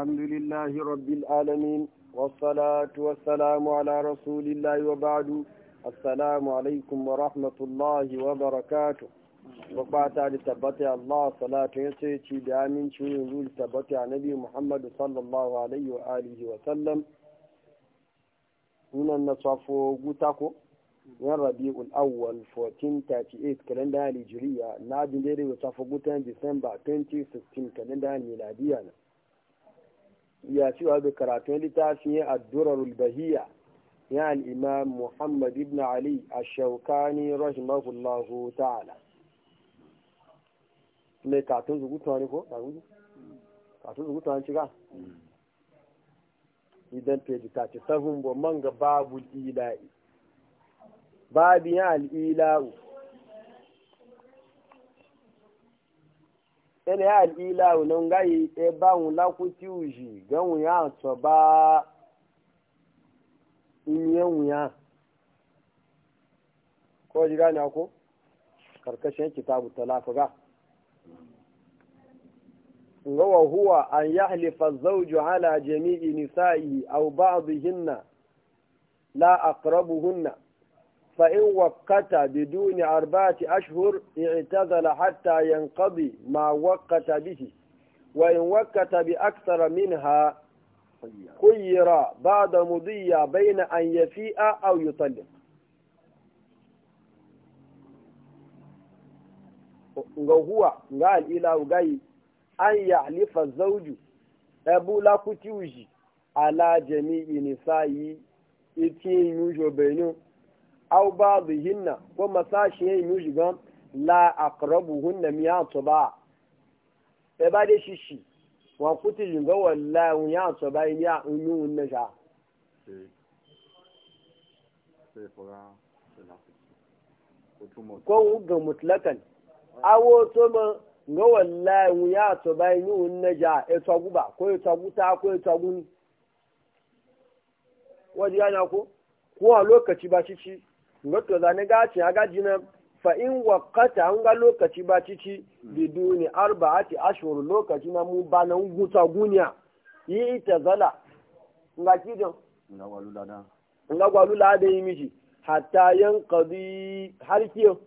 الحمد لله رب العالمين والصلاة والسلام على رسول الله وبعد السلام عليكم ورحمة الله وبركاته وقعت لتبتع الله صلاة يسيتي بآمين شنو لتبتع نبي محمد صلى الله عليه وآله وسلم من النصف وقتكو yan rabi'ul awwal 1438 kalenda hijiriya na jin daidai wata fagutan disamba 2016 kalenda miladiya na ya ci cewa da karatun littafin addurarul bahiya ya al'imam muhammad ibn ali a shaukani rahimahullahu ta'ala mai katun zugutuwa ne ko? katun zugutuwa ne shiga? idan peji 37 bo manga babul ila'i babi ya al'ila'u ene ya dila unon gai e ba un la ku ti uji gan un ya so ba inye un ya ko jira na ko karkashin kitabu talaka ga wa huwa an yahlifa zawju ala jami'i nisa'i aw ba'dihinna la aqrabuhunna فإن وقت بدون أربعة أشهر اعتزل حتى ينقضي ما وقت به وإن وقت بأكثر منها خير بعد مضي بين أن يفيء أو يطلق هو قال إلى غي أن يحلف الزوج أبو لا على جميع نسائي إتين يوجو بينه aw ba'dihinna ko masashi yayi yuji gam la aqrabuhunna miyatu ba e ba de shishi wa kuti jinga ya unu unna sha ko ga mutlakan awo to ma ga wallahi ya to ba ni unna ja e to guba ko e to guta ko e to guni ko ko a lokaci ba shi ngoto ni gaci ya gaji na fa in wakata an ga lokaci ba cici biduni arba'ati ashuru lokaci na mu ba na guta guniya yi ita zala nga kidan nga gwalu da da yi miji hatta yanqadi har kiyo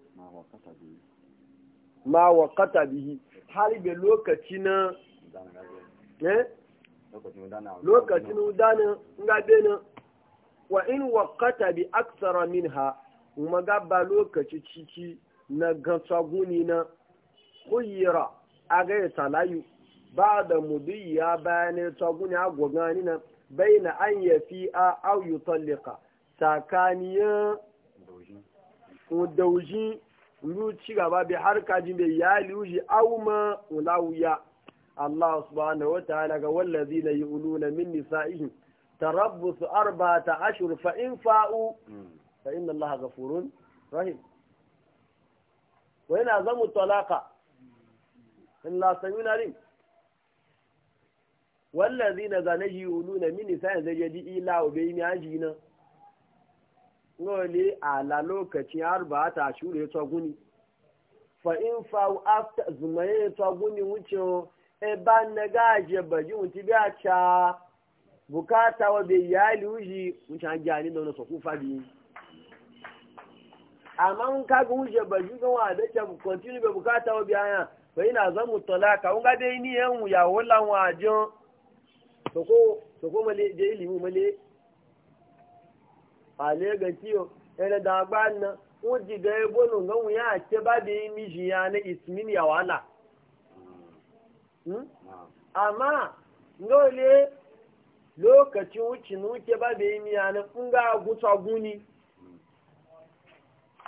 ma wakata bihi har be lokaci na eh lokacin udana nga bena wa in wakata bi aksara ha. kuma ba lokaci ciki na gantsaguni na kuyira a gaya talayu ba da mudu ya bayanin tsaguni a gogani na bai na an fi a auyu tallika tsakaniyar daujin luci gaba bai har kaji bai ya liuji auma ulawuya Allah subhanahu wa ta'ala ga wallazi na yi uluna min nisa'ihim tarabbusu ta ashur fa in fa'u hmm. فإن inna غفور رحيم وإن أعظم yana إن talaqa سمين عليم والذين rim wallazina zanajuluna min nisa'i zajadi ila ubayni ajina ngole ala lokaci arba ta shure to guni fa in fa after zumaye guni e ba na gaje baji wuti biya bukata wa bi yali uji wuce an da wani sokufa biyu amma in ka ga wuje ba shi gan wa da ke kontinu bai bukata wa biya ba ina zan mu talaka in ga dai ni yan ya wala wa jin to ko to ko male je ilimi male ale ga tiyo ene da gban na uji ga ebo no gan ya ke ba da mi ji ya ne ismin ya wala hmm? amma ngole lokacin wuce nuke ba da yi miya na kunga gutsa guni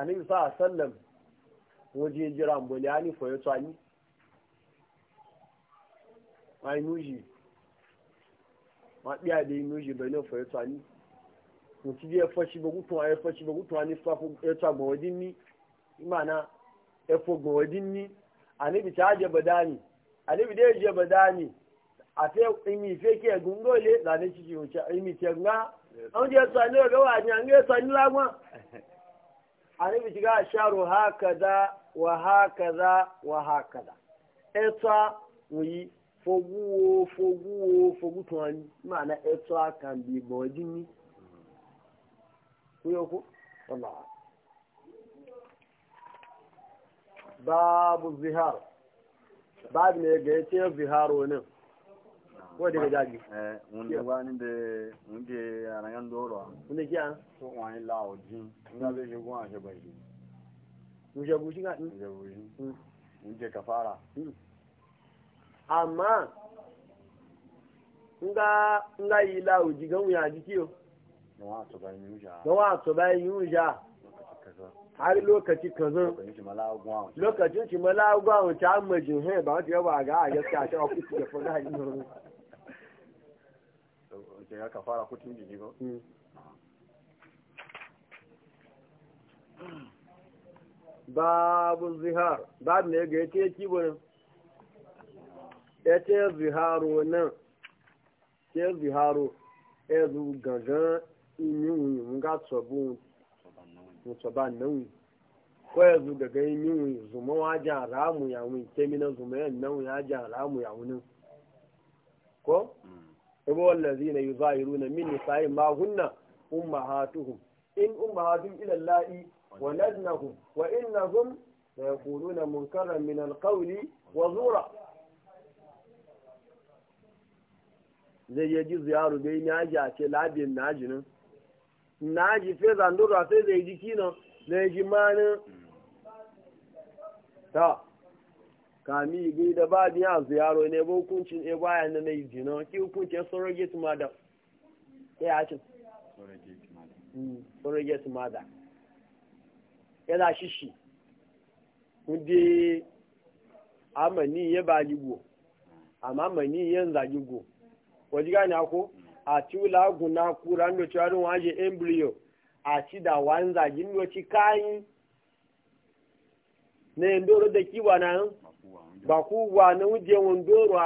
annabi sa sallam waje jira mbulani fo yo tsani mai nuji ma biya yi nuji bane fo yo tsani mo ti je fo shi bogu ton ay fo shi bogu ani fa fo e tsa ni imana e fo gbo odin ni annabi ta je badani annabi de je badani àti ìmì ìfẹ́ kí ẹ̀gùn ló lé lànà ìmì ìtẹ̀gbọ́n àwọn jẹ́ sọ ní ọ̀gọ́wà ní àwọn ẹ̀sọ annabi shiga a sharu hakaza wa hakaza wa hakaza eta wuyi foguwo foguwo fogu tuwani ma'ana eta kan bi bawajin ni kuyo ku wallahi babu zihar ne ga yace ziharo ne ko daga jaji eh mun da wani da mun mun jin mun hmm. hmm. hmm. amma n ka yi lawo ji gan ya ji kiyo don wa to bai yuja don wa to bai yuja har lokaci kaza lokacin shi malagwa an majin ba wata yawa ga a gaskiya shi a kusa da hajji ke ya fara kutun jiji ba babu zihar babu ne ga yace kibo nan yace ziharu nan ke ziharu ezu gangan inyun yun ga tsobu mutsoba nan ko ezu gangan inyun yun zuma wajen alamu yawon kemina zuma yan nan ya ji alamu yawon ko? Mm. ruwa lazina yi zahiru na min nisa'i ma hunna ummahatuhum in ummahatuhum ila la'i wa laznahum wa innahum la yaquluna munkaran min alqawli wa zura zai yi ji ziyaru bai ni aji a ce labin naji nan naji fe zandura sai zai ji kinan zai ji manin ta kami bi da ba biya ziyaro ne ba hukuncin e baya na na izina ki hukuncin surrogate mother ya yi surrogate mother yana shishi kudi amani ya ba gigo amma amani ya za gigo wajen gani ako a ci wula guna kura ndo cewa waje embryo a ci da wanzagin doci kayan na ndoro da kiwa na e ba ku wa na wuje wondoro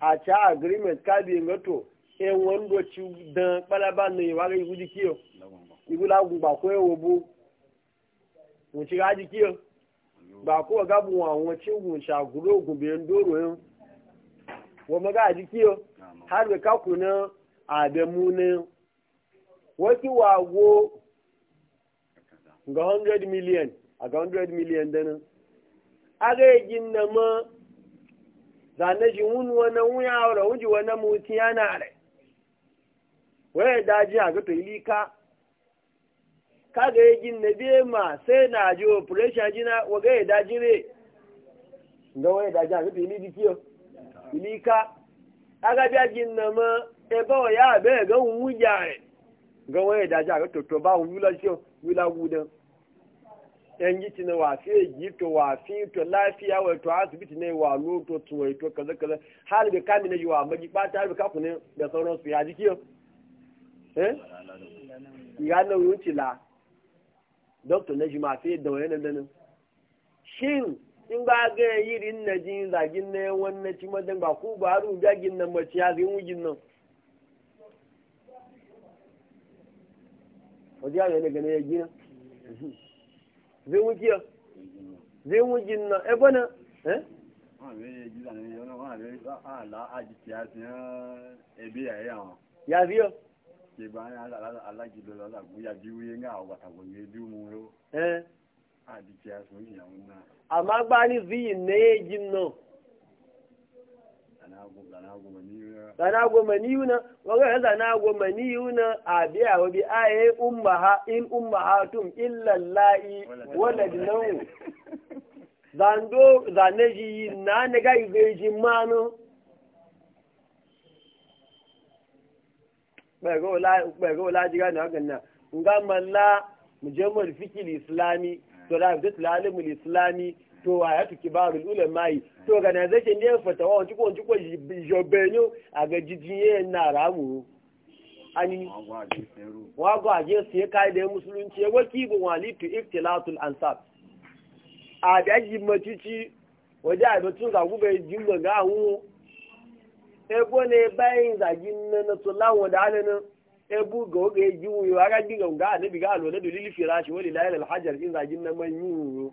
a cha agreement ka bi ngato e wondo ci dan palaba no yi wa ga igudi kiyo igula gun ba ko ewo bu mu ci ga di kiyo ba ko ga bu wa won ci gun sha guro gun bi ndoro yin wo ma ga di kiyo har be ka ku na ademu ne wo ki wa wo ga 100 million aga ga 100 million dana aga yi na ma zane shi wun wani wuya aure wuji wani mutu yana re waya daji a ga to ilika kaga ya gin na biye ma sai na ji operation jina waga ya e daji re e ga waya daji a ga to ilika kiyo ilika aga biya gin na ma ebe o ya abe ga wun wuja re ga waya daji a ga to to ba wun wula kiyo wula gudan yan gici na wafe yi to wafi to lafiya wa to asibiti ne wa loto to wai to kaza kaza har da kami na yi wa magi ba ta rubuka ku ne da su ya ji kiyo eh ya na wuce la doctor na ma sai da wani nan nan shin in ba ga yirin na jin zagin ne wannan ci madan ba ku ba ru gin nan mace ya zin wujin nan wajen yana gane ya gina zai wujiya zai wujin na ebe na eh, eh? ya biyo ìgbà yẹn alájìlọ lọ́la gbóyà bí wíyé ń àwọn àtàwọn yẹn zana goma ni yuna wani ya zana goma ni yuna a biya wa bi aye ha in umma ha tun illan la'i di wu. zando zane ji yi na ne ga ji manu pẹ̀gọ́ láti gánà ọgbọ̀n náà nga mọ̀lá mujammal fikil islami tọ́lá ìbùdó tìlálẹ́mù islami to hayatu kibarul ulama'i to organization ne fatawa wanci ko wanci ko jobenyo a ga jijiye na ramu ani wago aje sai kai da musulunci waki bu walitu iftilatul ansab a da ji macici waje a batun ga gube jimma ga hu ebo ne bayin zagin na na to e lawon da alanin ebu ga oge jiwu ya ga diga ga ne biga alo na dalili firashi wali la ilaha hajar in zagin na man yiwu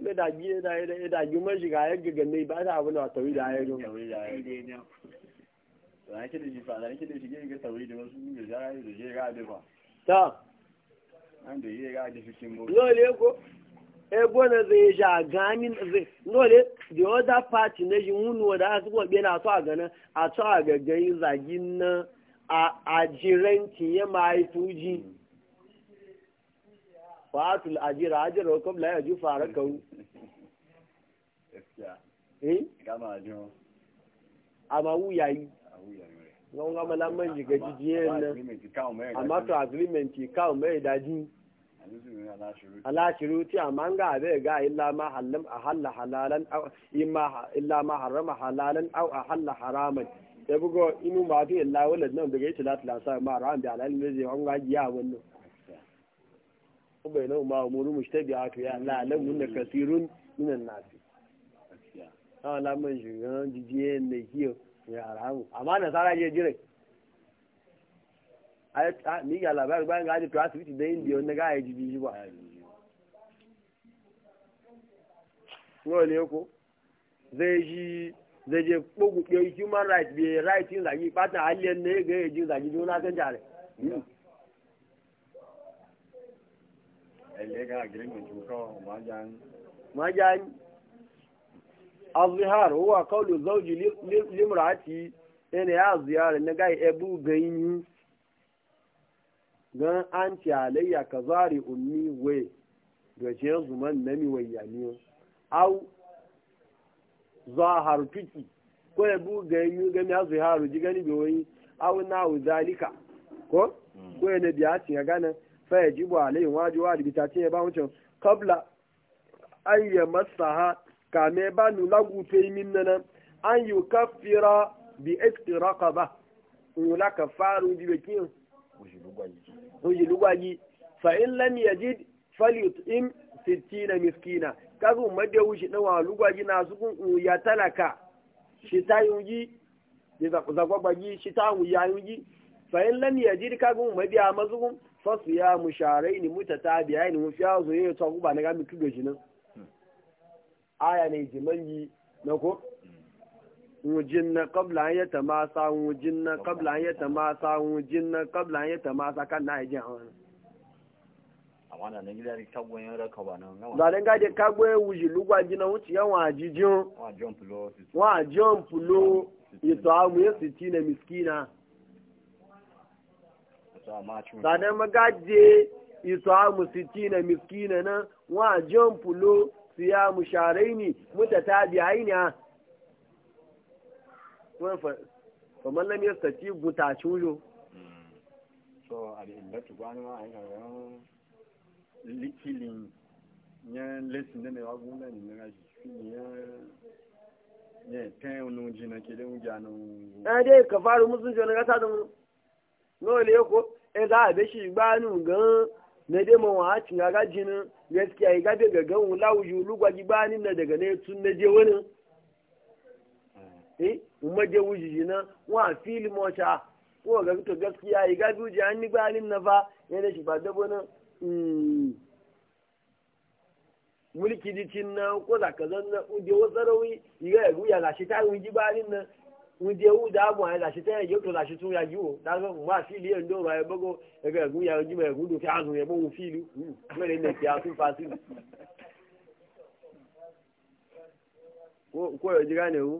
da da biye da da da gumar shiga ya gaga ne ba ta abuna tawi da ya zo tawi da ya zo da yake da shi fa da yake da shi ga tawi da wasu ne da ya da ya ga da ba ta an da ya ga da cikin bo lole ko e bona zai ja gani da lole the other party ne shi munu da su ko be na so a gana a so a gaggai zagin na a ajiranci ya mai fuji mm. fatul ajira ajira hukum la yaju fara kawu eh kama ajo ama wuyayi wọn ká mọ́lá mọ́ ìjìgẹ́ jíjí ẹ̀nà àmọ́tò agreement káwọn tí a máa ń gá àbẹ́ ẹ̀gá ìlàmà harama halalan au ahalla inú máa fi ìlàwọ́lẹ̀ náà bẹ̀rẹ̀ máa rán وبينهم ما أمور مشتبهات يا لا علمهن كثير من الناس ها ni ga labarin bayan ga ajiyar asibiti da indiya wanda ga aji biji ba nawa ne zai je kogu ɗaya human rights bai right yin zagi ɓatan haliyar ne ga yajin zagi jona kan jare Elega majani azihar huwa kaulu zauji limrati yana ya ziyara na gai ebu gaini don an ci alayya ka zari ummi we da ce zuman na mi wayyani au zahar tuki ko ebu gaini gani aziharu ji gani bai wani au na zalika ko ko yana biya ci ga ganin fa yajibu alayhi wajibu wajibi ta ce ba wucin qabla an yamassaha kame ba nu lagu te min nan an kafira bi ba iktiraqaba ka kafaru bi bakin wuji lugwaji fa in lam yajid falyut'im sittina miskina kaga umma da wuji na wa lugwaji na su kun ya talaka shi ta yuji da zagwagwaji shi ta yi yuji fa in lam yajid kaga umma da mazukun fasu ya mu share ni muta ta biya ni mu fiya zo yi tsaku ba na ga mutu da jinin aya ne jimanji na ko wujin na kabla an yata masa wujin na kabla an yata masa wujin na kabla an yata masa kan na ajin hawa amma da nan gidan kagbo yan raka ba nan da nan ga de kagbo yan wuji lugwa jina wuci yan wa jijin wa jump lo wa jump lo ito amu yasi tina miskina sannan magaje iso isa musitina miskina nan wa jan fulo su ya mu musharai ni muta ta biya yi ne kamar lam ya ci buta cuyo so a da al'illatu gwani ma a yi haram likilin ya lesin da mai waguna ne na rashi shi ya ya ta yi wani wujina ke da wujana wujana ɗaya dai ka faru musulun jona gata da mu nole ko e za a be shi gbanu gan na de mu wa cin ga jinin gaskiya ga daga gan wula wuju lugwa gibani na daga ne tun na je wani eh umma je wuju jina wa fili mota ko ga to gaskiya yi ga duji an ni gbanin na fa yana shi ba dabo na hmm. mulki jikin na ko zaka zan na uje wasu rawi yi ga ya guya ga shi ta wuji gbanin na wunde wu da abu ayi lasi tẹ yóò tó lasi tún ya o dáhùn wá fíìlì yẹn ndóró ayé bọ́gọ́ ẹgbẹ́ ẹ̀gún ya ojú mọ̀ ẹ̀gún dòfin àzùn yẹn bó fíìlì mẹ́rin ní ìpè àtún fásitì. kó ẹ̀rọ jíra ni ewu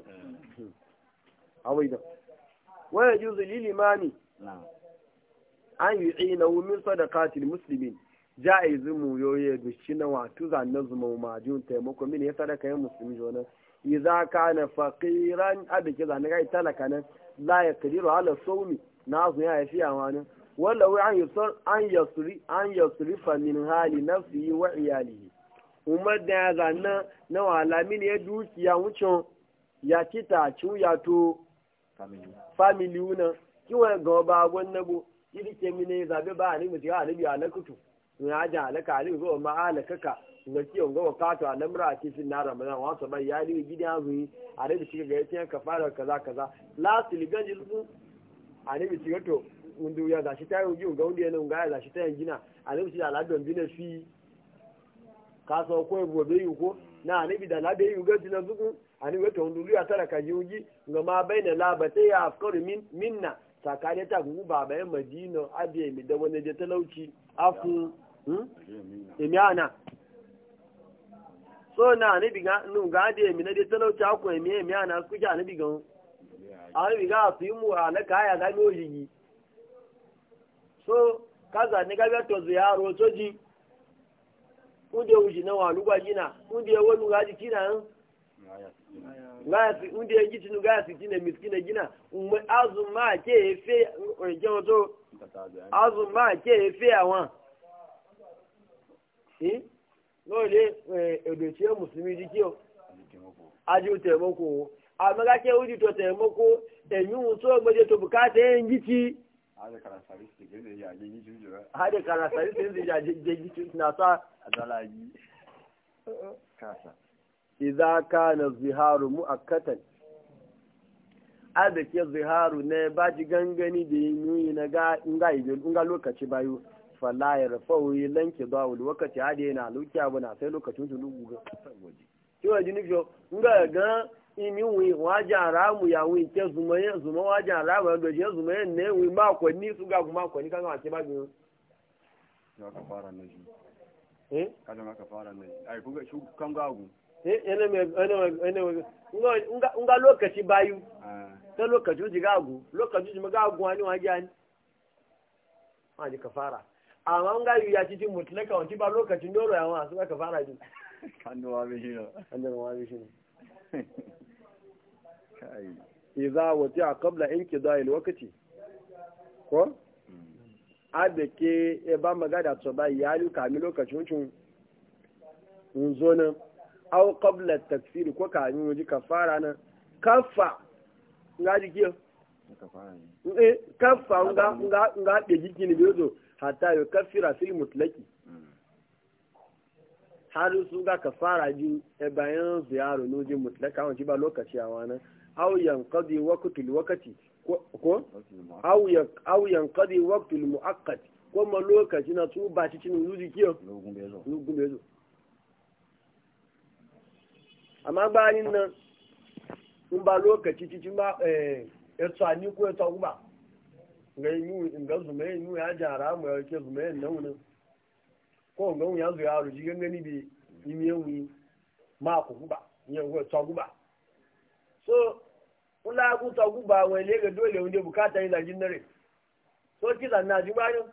àwọn ìdàn. wọ́n yẹ jùzù lílì máa nì. yi ci na wumin sadakatil muslimin ja'izu mu yoye da shi na wa tuzan na zuma ma jun taimako mini ya sadaka yin idza kana faqiran abike zan ga talaka nan la yaqdiru ala sawmi na su ya fi amana wala wa an yusar an yasri an fa min hali nafsi wa iyalihi umar da zanna na wala min ya dukiya wucho ya kita chu ya to family una wa go ba wannan bu idi ke mine zabe ba ni mu ji alibi alakutu ya ja alaka alibi go ma kaka. nga ki onga wakato alamra a fi na ramadan wa so bai yali gidi azui ale bi shiga gaiti ka fara kaza kaza last ligan jilfu a bi shiga to wundu ya zashi shi ta yuji unga undi ne unga ya zashi ta ta gina a bi shiga ladon bine fi ka ko ya ebo yi ko na ale bi da labe yuga jina zugu ani wata wundu ya tara ka yuji ga ma baina labate ya afkar min minna sakare ta gugu ba ya madino abiye mai da wani je talauci afu hmm? Emiana, so na anabi ga nu ga de mi na de talauci aku mi mi ana su ja anabi ga anabi ga su yi na ala kaya da go yi so kaza ni ga to ziyaro to ji unde uji na wa lugwa jina unde wonu ga ji kina ngasi unde yaji tinu ngasi tine miskine na e, umwe azuma ke efe oje oto azuma ke efe awon eh hm? nole èdè eh, musulmi ó mùsùlùmí di kí o ajú tẹ̀mọ́kò o àmọ́gákẹ́ ojú tó to ẹ̀yìn ohun tó ha tó bùkátà ẹ̀yìn jí ti. ya jeji juju hade kana saristi gende ya jeji na ziharu ji na ga nga lokaci bayu fala ya rafa wuyi lanke ba wani wakati hadi yana lukiya bana sai lokacin su lugu ga kiwa ji nga ga imi wi waje aramu ya wi ke zuma ya zuma waje aramu ya doje zuma su ga kuma ni kan ya ka fara na ji eh ka da ka fara na ji ai kan ga gu eh amma an gayu ya ci cin mutulaka wanci ba lokacin doro yawon a suka fara ji hannuwa bi shi ne hannuwa bi shi ne iza wati a kabla in ki zai lokaci ko a da ke ya ba magada ta ba ka kami lokacin wucin zo nan au kabla tafsiri ko kami waje ka fara na kafa nga jikiyar kafa nga nga nga da jiki ne biyo hatta yi kafira fil mutlaki har su ga ka fara ji e bayan ziyaru nujin mutlaka wanci ba lokaci a wani au yankadi waqtul waqti ko au ya au yankadi waqtul muaqqat ko ma lokaci na su ba cikin nuji kiyo lugun bezo amma bayanin nan in ba lokaci cikin ba eh eto ani ko eto ba gaimu inga zume nu ya jara mu ya ke zume nan wani ko nga ya zo ya ruji ganga ni bi imi ewu ma ko guba ni ko to guba so kula ku to guba we le ga dole unde bukata ni da jinnare so ki da na ji bayo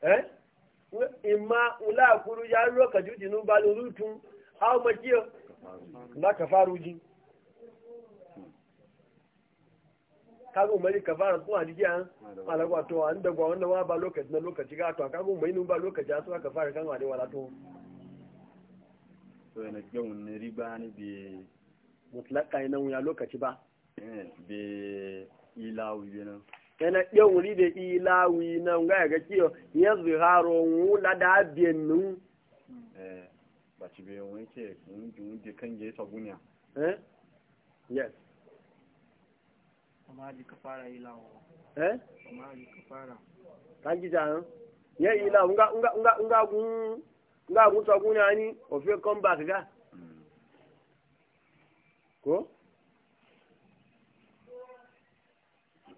eh imma ula kuru ya ro ka juji nu ba lu tun aw ma kiyo la ka faruji kaga umari ka fara kuma jiya malagwa to an da gwa wanda ba lokaci na lokaci ga to kaga umari nun ba lokaci a suka fara kan wale wala to to yana kyau ne riba ni bi mutlaka ina wuya lokaci ba eh bi ilawi ne yana kyau ri da ilawi na ga ga kiyo ya zuharo wu la da biennu eh ba ci be wani ke mun ji kan je gunya eh yes eh kanji jahan eh? ye ila nga nga nga nga gun nga gun to gun ani o fe come back ga ko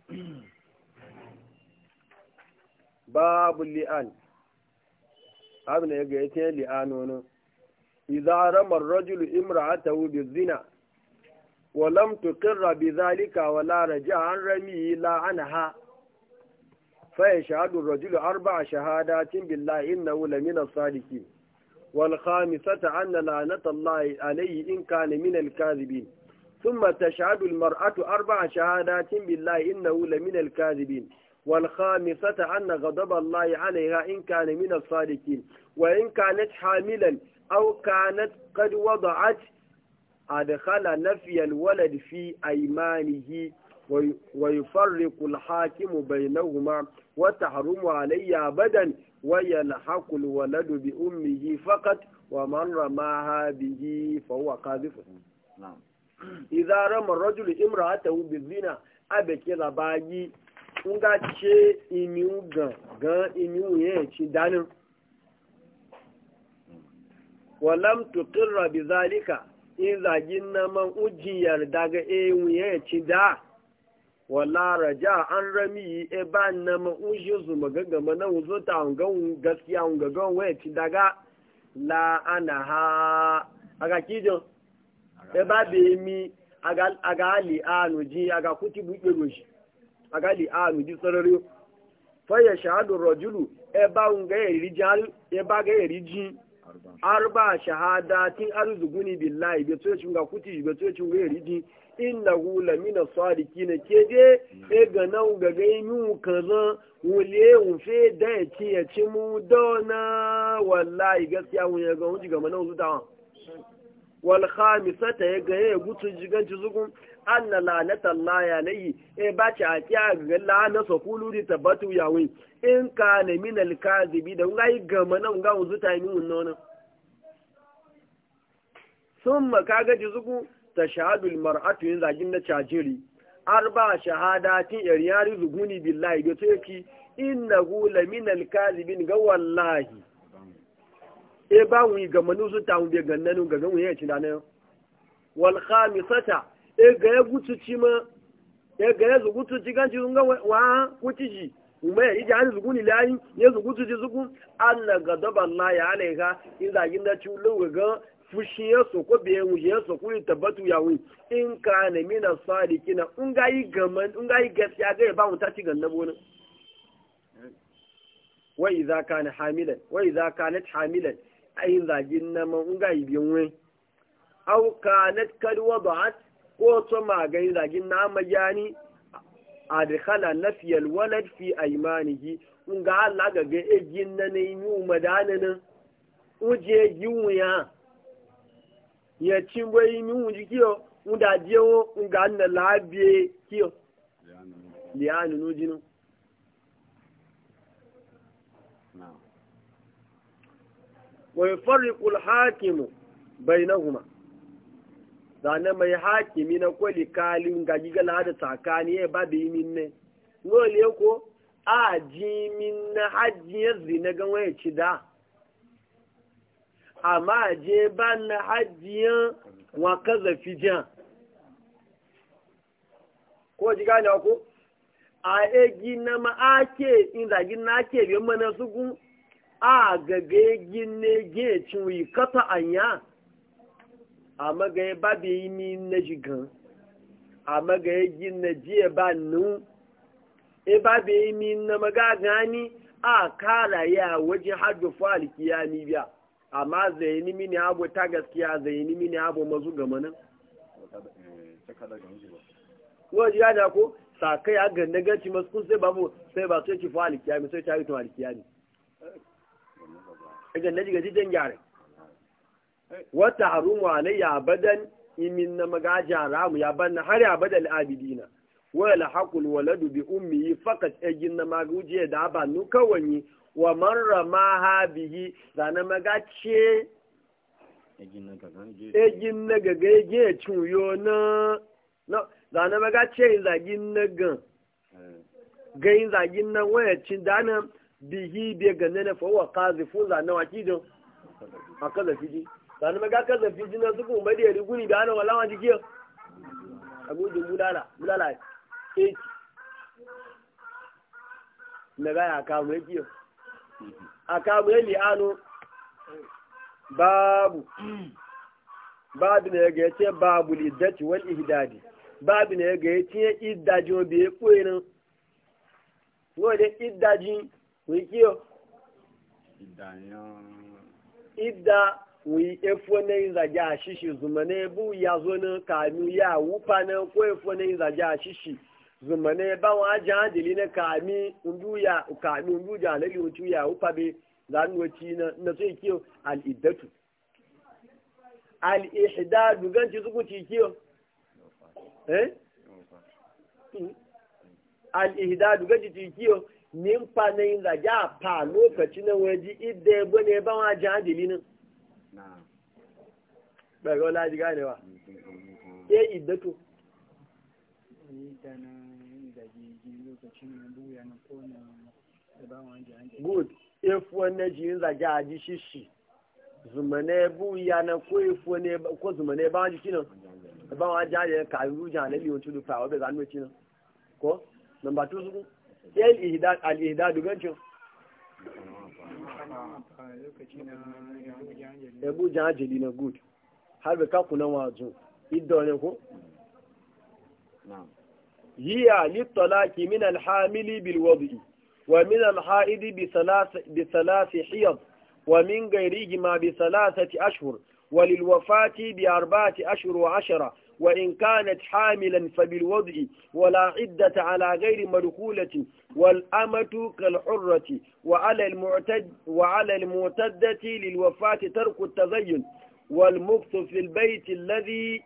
babu li'an abin da ya ga yake li'an wani idza rama ar imra imra'atahu bi-zina ولم تقر بذلك ولا رجع عن رمي لا عنها فيشهد الرجل أربع شهادات بالله إنه لمن الصادقين والخامسة أن لعنة الله عليه إن كان من الكاذبين ثم تشهد المرأة أربع شهادات بالله إنه لمن الكاذبين والخامسة أن غضب الله عليها إن كان من الصادقين وإن كانت حاملا أو كانت قد وضعت adkhala nafiyal walad fi aymanihi wa yufarriqu al-hakimu bainahuma wa tahrumu alayya abadan wa yalhaqu al bi ummihi faqat wa man ramaha bihi fa huwa qadhifu na'am idza rama rajulu imra'atahu bizina abeke labaji nga ce iniu gan gan ci danin wa lam tuqirra bizalika in zagin na uji yarda ga ewu ya ci da wala raja an rami yi e ba na man uji su magagama na wuzo ta hangan gaskiya hangagan waya ci daga la ana ha aga kijin ebe ba emi mi aga ali anu ji aga kuti buɗe roshi aga ali anu ji sarari faya shahadu rajulu e ga eri e ji arba shahadatin arzuguni billahi be tsoye ga kuti be tsoye cunga ridi innahu lamina ke je hmm. e ga nan ga ga mu kaza wule un fe da e ci ya e ci mu dona wallahi gaskiya mun ya ga mun ji ga manan zuta hmm. wal khamisata ya e ga ya gutu jigan ci zugun anna lanata la ya nayi e ba ci a kiya ga na so kulu di tabatu ya wi in ka ne min al kazibi da ngai gama nan ga wuzu ta mi mun nona summa kaga jizuku tashhadul mar'atu yin zagin na cajiri arba shahadatin iriyari zuguni billahi da teki innahu min al kazibin ga wallahi e ba wi gama nusu ta mu be gannanu ga gamu ya ci dana wal khamisata ega ya gutuci ma ega ya zugutuci ganci zunga wa kuciji kuma ya ija an zuguni layi ya zugutuci zugun an na gadaba na ya alaiha in zagin da ci lu ga fushi ya so ko biye mu ya so kuri tabbatu ya wi in ka na mina sadikina in yi gaman in yi gaskiya ga ba mu ta ci ganna bonin wa idza kana hamilan wa idza kanat hamilan ayin zagin na ma ga yi biyan wai aw kanat kad wada'at ko to magani zagin na majani a da hala dikhala nafiyal walad fi aymanihi in ga Allah ga ga egin na ne mu madananin uje giwuya ya cimbo yi mi ji kiyo in da jewo in ga na labiye kiyo liyanu nujinu wa yufarriqu al-hakimu bainahuma zane mai hakimi na kwali kalin ga gigala da tsakani ya ba da yi min ne lole ko a ji min na hajjiyar zina gan waya ci da amma je ba na hajjiyar wa kaza zafi jan ko ji gane ko a egi na ma ake inda gin na ke biyan mana sugun a gaga gin ne gin cin wuyi kata anya amma ga ya ba bai yi mi na jigan amma ga ya yi na jiya ba nu, e ba bai yi mi na magagani a kara ya waje hajjo faliki ya ni biya amma zai ni mini abu ta gaskiya zai ni mini abu mazu gama nan wajen yana ko sa kai a ganda ganci masu kun sai babu sai ba sai ci faliki ya mi sai ta yi tumaliki ya ne. Ga ji jiga jijen gyara. wata harumu alayya abadan imin na magaji haramu ya banna har ya badal abidina wala hakul waladu bi ummi fakat ejin na maguje da banu kawani wa ma ha bihi da na magace ejin na gaga ejin cuyo na da na magace zagin na gan eh. gayin zagin nan waya cin dana bihi bi ganna na fa wa qazifu za na wakidin akala fiji sani maga kasa fi jina suku mai da yari guni da ana wala wani jikiya a gudun mulala mulala keki na gaya a kamu ya kiyo a kamun ya li'ano babu babu na ya ga ya ce babu liddaci wal ihdadi babu na ya ga ya ce iddaji wa bai koyi nan wani iddaji wai kiyo idda wi efo na ashishi zuma bu ebu na kanu ya wupa na ko efo na ashishi zuma na ba wa ja adili na kami undu ya kanu undu ja lali utu ya wupa be zan wati na na sai kiyo al iddatu al ihdadu ganci su kuci kiyo eh al ihdadu ganci ti kiyo nimpa na izaje pa lokaci na waji idde bane ba wa ja adili na bai ga wala jiga ba ke iddato good if wani jiyin zage a ji shishi zumane buya na ko ifo ne ko zumane ba wani kinan ba wani jaje ka ru jana li won tudu fa wa be zanu kinan ko number 2 su al ihdad al ihdad ebu jan ajeli na good har bai kaku na wazo idda ne ko yiya littalaki min alhamili bil wadi wa min alhaidi bi salasi hiyad wa min gairihima bi salasati ashhur wa lil wafati bi arba'ati ashhur wa ashara وإن كانت حاملا فبالوضع ولا عدة على غير مدخولة والأمة كالحرة وعلى المعتد وعلى المعتدة للوفاة ترك التزين والمكث في البيت الذي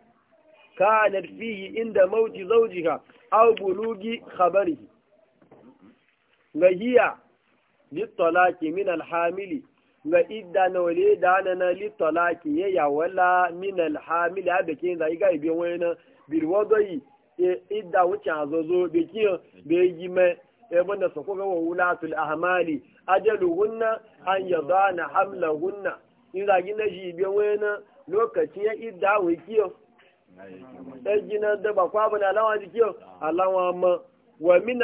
كانت فيه عند موت زوجها أو بلوغ خبره وهي للطلاق من الحامل ga idda na wale da na na ke ya ya wala min alhamil ya da kin zai ga ibe wani na birwadai e idda wuce azozo be kiyo be yi mai ebon da sako ga wulatul ahmali hunna an yadana hunna in zagi na shi ibe wani na lokacin ya idda wikiyo ɗan e gina da ba kwabana alawa jikiyo alawa ma wa min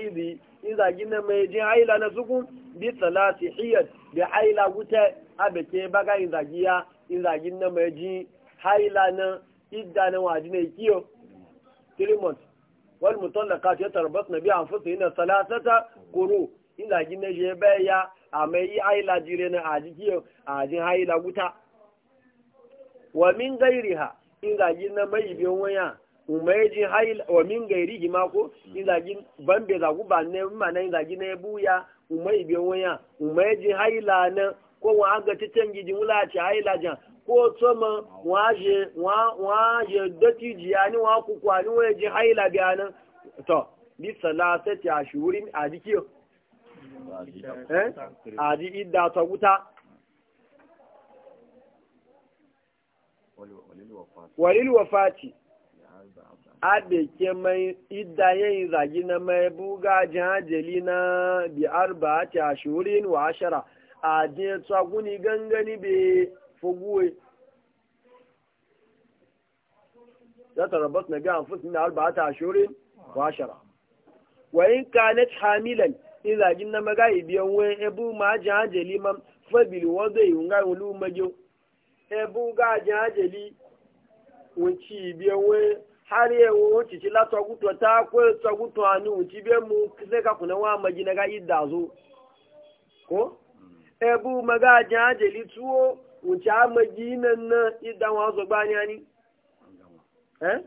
izi. iza gina na mai jin haila na suku bi salati hiyar da haila wuta abeke baga in zagi ya in zagi na mai jin haila na idda na waji na ikiyo three months wal mutallaqat yatarabbasna bi anfusihinna thalathata quru in zagi na je ya a mai yi haila jire na a jikiyo a jin haila wuta wa min gairi ha iza na mai biyan wayan. umeji hail wa min gairi gima ko in zagi ban be zagu ba ne ma na zagi ne buya umai be waya umeji haila na ko wa aga titan gidi wula ci haila jan ko to ma waje wa waje dati ani wa ku kwani waje haila biyanan to bi salasati ashurin adikiyo eh adi idda ta guta walil wafati abeke mai idayen zagi na mai buga jihajjali na ba a ti ashirin wa ashara a je tsaguni gangani be fuguwe ya ta na gan amfus na ta ashirin wa ashara wa in kanat hamilan in zagi na maga ibiyan wa ebu ma jihajjali ma fabili wadda yi nga wulu magyo ebu ga jihajjali wunci ibiyan wa. har yawo wuce shi la tsagutu ta ko tsagutu ani wuci be mu kise ka kuna wa magina ga idda zo ko hmm. ebu maga jaje li tuwo wuce a magina na idda wa zo gbani ani eh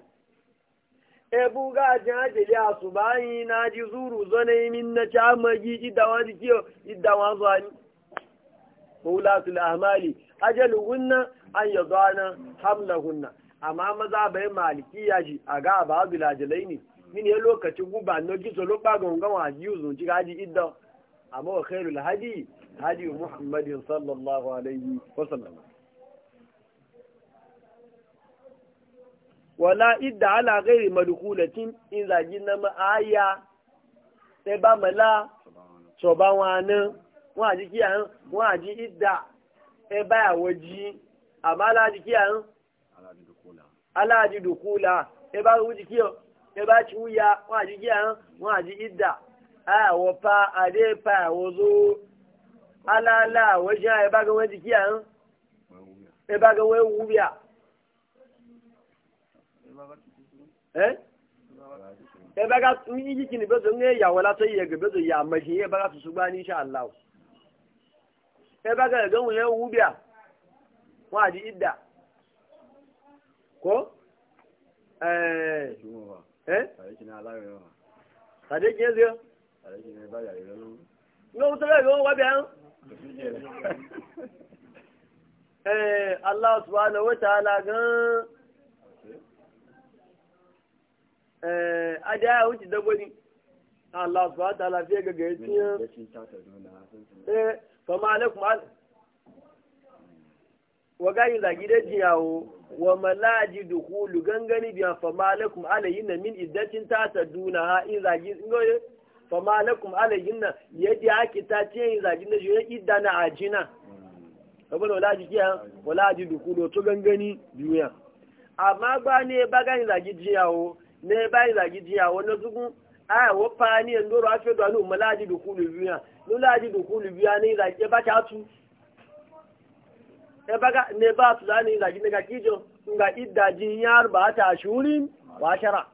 ebu ga jaje li asu ba asubani na ji zuru zo ne min na cha magi idda wa ji kiyo idda wa zo ani mawlatul ahmali ajaluhunna an yadana hamlahunna amma maza bai malikiya shi a ga ba abu lajalai ne min ya lokaci guba na gizo lokpa ga hungan wa ji uzun ci gaji idda amma wa khairu lahadi hadi muhammadin sallallahu alaihi wa sallam wala idda ala ghairi madkhulatin in zagi na ma aya sai e ba mala so ba wani wa ji kiyan wa ji idda e ba ya waji amma la ji kiyan aláàjì dùkúlà ẹ bá ọ ẹ bá ti wúya wọn àjí kí àrùn àjí ìdà àwọ̀ pa àdé pa àwọ̀ zó aláàlá àwọ̀ ṣe ẹ bá ti kí àrùn ẹ bá gan wọn wú yíyí kí ni bẹ́sẹ̀ ń gé ìyàwó látọ̀ yẹ gẹ̀ bẹ́sẹ̀ yà mẹ́sì ẹ ká tuntun gbá ní insha Allah ẹ bá gan ẹ̀ àjí ìdà. ko eh eh sàdéjì ẹ̀zẹ̀ sàdéjì ní ohun tó bẹ̀rẹ̀ wá bí ẹ̀rún eh allah subhanahu wa ta'ala gan eh adé àwọn ti dọ́gbọ́ ni allah subhanahu fi gẹ́gẹ́ tí ẹ̀ fọmọ alẹ́kùnmọ́ wọ́n gáyìn làgídé jìyàwó wa malaji dukulu gangani biya famalakum alayhin min iddatin ta ta ha in zagi ngoye famalakum alayhin na yadda ake ta ce in zagi na jiya iddana ajina saboda wala ji kiya wala ji dukulu to gangani duniya amma ba ne ba gani zagi jiyawo ne ba zagi jiyawo na zugun a wo pani ndoro afedo anu malaji dukulu duniya lulaji dukulu biya ne zagi ba ta tu ne ba su zane ga gina ga kijo ga idajin yar ba ta shurin wa shara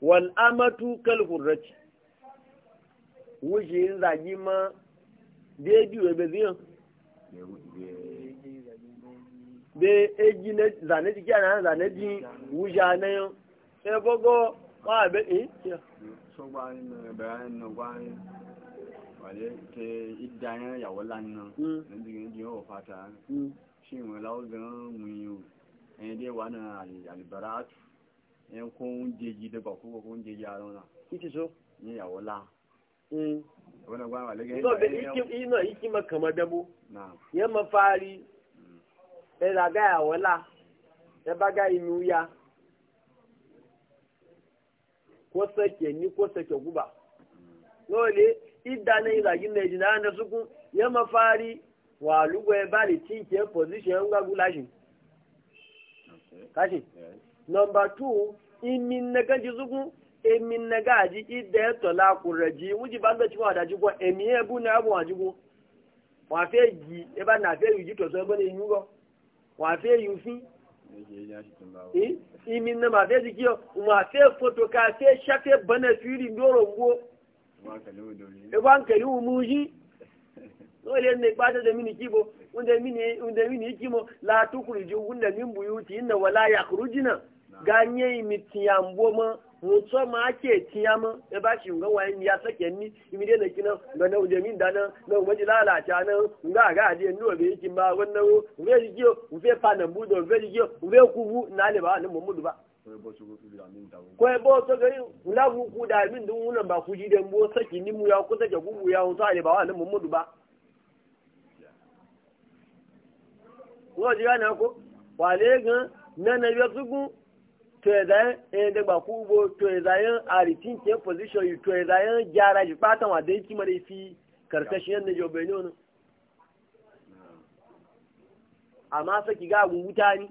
wal amatu kal hurrati wujin zagi ma bebi we beziyan be eji na zane jiki ana zane ji wuja na yau sai bogo ma be eh so bayan bayan na bayan wale ke idayen ya wala nan nan digin digin wa fata shi mu lawo gan mu yu en dai wana albarat en ko unje ji da ba ko ko unje ya rona kiti so ni ya wala mm wana gwa wale ga no be iki ino iki makama dabo na ya mafari e la ga ya wala e ba ga inu ya ko sake ni ko sake guba lole idda na yi zagin na jina na suku ya mafari wa lugu ya bari cinke position ga gulashin kashi number two imin na ganji suku emin na gaji idda ya tola kuraji wuji ba da cewa da jigo emi ya bu na abu wajigo wa fe gi e ba na fe yuji to so bane yugo wa fe fi imin na ma fe dikiyo ma fe ka fe shafe bana firi ndoro ngo ẹgbà ń yi mú yí wọ́n lè ní ipá tẹ́tẹ́ mí ní kíbo oúnjẹ mí ní kíbo látúkùrù ju wúndẹ̀ mí bùyú tí ń nàwọ̀ láyà kúrú ganye yi tìyà ń bọ́ mọ́ mutu ma ake tiya mun ya ba shi ga wayan ya sake ni imi dai na kina ga na uje min dana na ubaji lalata na ga ga je ndo be yiki ba wannan ube jiyo ube fa na budo ube jiyo ube kubu na le ba na mu mudu ba ko ya bo to gari wula ku ku da min dun wulan ba ku ji da mu saki ni mu ya ku sake gugu ya wato ale ba wannan Muhammadu ba ko ji ana ko wale gan nan na biyo sugun to ya e zai eh da ba ku bo to ya e zai a ritin ke position you to ya e zai jara ji fatan wa dai kima dai fi karkashin yan najo bai ne amma saki ga gunguta ni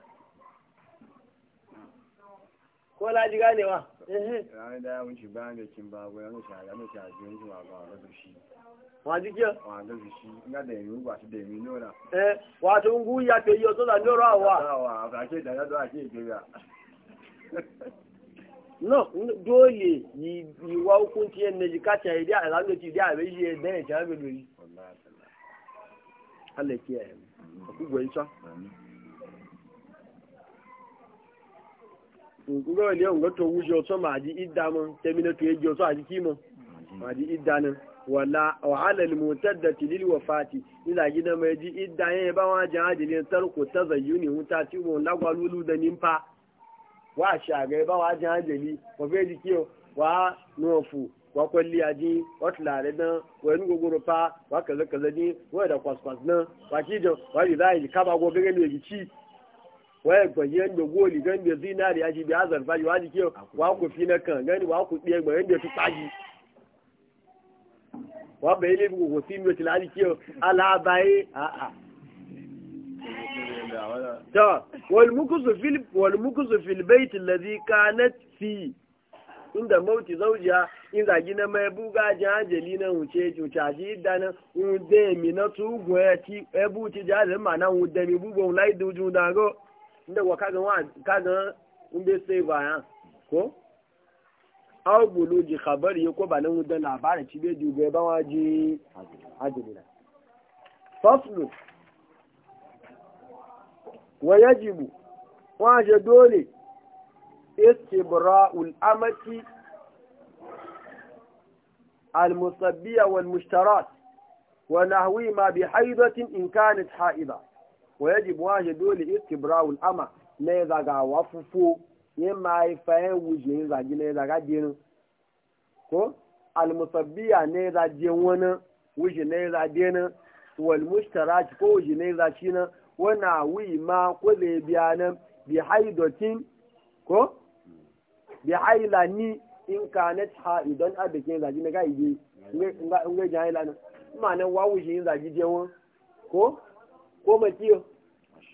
ko laji ganewa ranar da ya wuce na zuwa ba ga wa jikiya wa ina da su da nora eh wato ya pe yo to da nora wa wa ka ke da da ke ke ga no dole yi yi wa hukunci yan ne jikata yi da alamu ci da bai je da ne ta Allah ya kiyaye mu ngọ́ ilé ọ̀ngọ́ tó si tó ma di ìdá mọ́ tẹ́mínà tó yẹjọ tó àti ma ji máa di ìdá ni wàhálà lè wà á ṣe àgbẹ̀ bá wọn àjẹ́ àjẹ́ lè wọ́n fẹ́ di kí ọ wà á nù ọ̀fù wà pẹ̀lú àjí wọ́n ti láàrẹ̀ náà wọ́n ẹnu gbogbo pa wà kẹ̀lẹ́kẹ̀lẹ́ waye gbayen da goli gan da zinari aji bi azar faji waji ke wa ku fi na kan gani wa ku tiye gbayen da tsaji wa bai ne ku fi mi laji ke ala bai a a ta wal mukusu fil wal mukusu fil bait alladhi kanat fi inda mauti zaujiya in zagi na mai buga jajali na wuce cuta ji dana un mi na tugu ya ti ebu ti jajali ma na un demi bugon lai duju dago inda wa kagan wa kagan in bai sai bayan ko aw bulu buluji khabari ko ba nan wudan labarin ci bai dubai ba waji ajirina faslu wa yajibu wa waje dole istibra'ul amati المصبية والمشترات ونحوهما بحيضة إن كانت حائضة wa yajibu waje dole istibra'ul ama ne zaga wa fufu ye mai fayin wuje zagi ne zaga dinu ko almusabbiya ne za je wani wuje ne za dinu wal mushtarak ko wuje ne za shi na wana wi ma ko zai biya nan bi haidotin ko bi haila ni in kanat ha idan abikin zagi ne ga ije in ga jahila nan ma nan wa wuje zagi je wani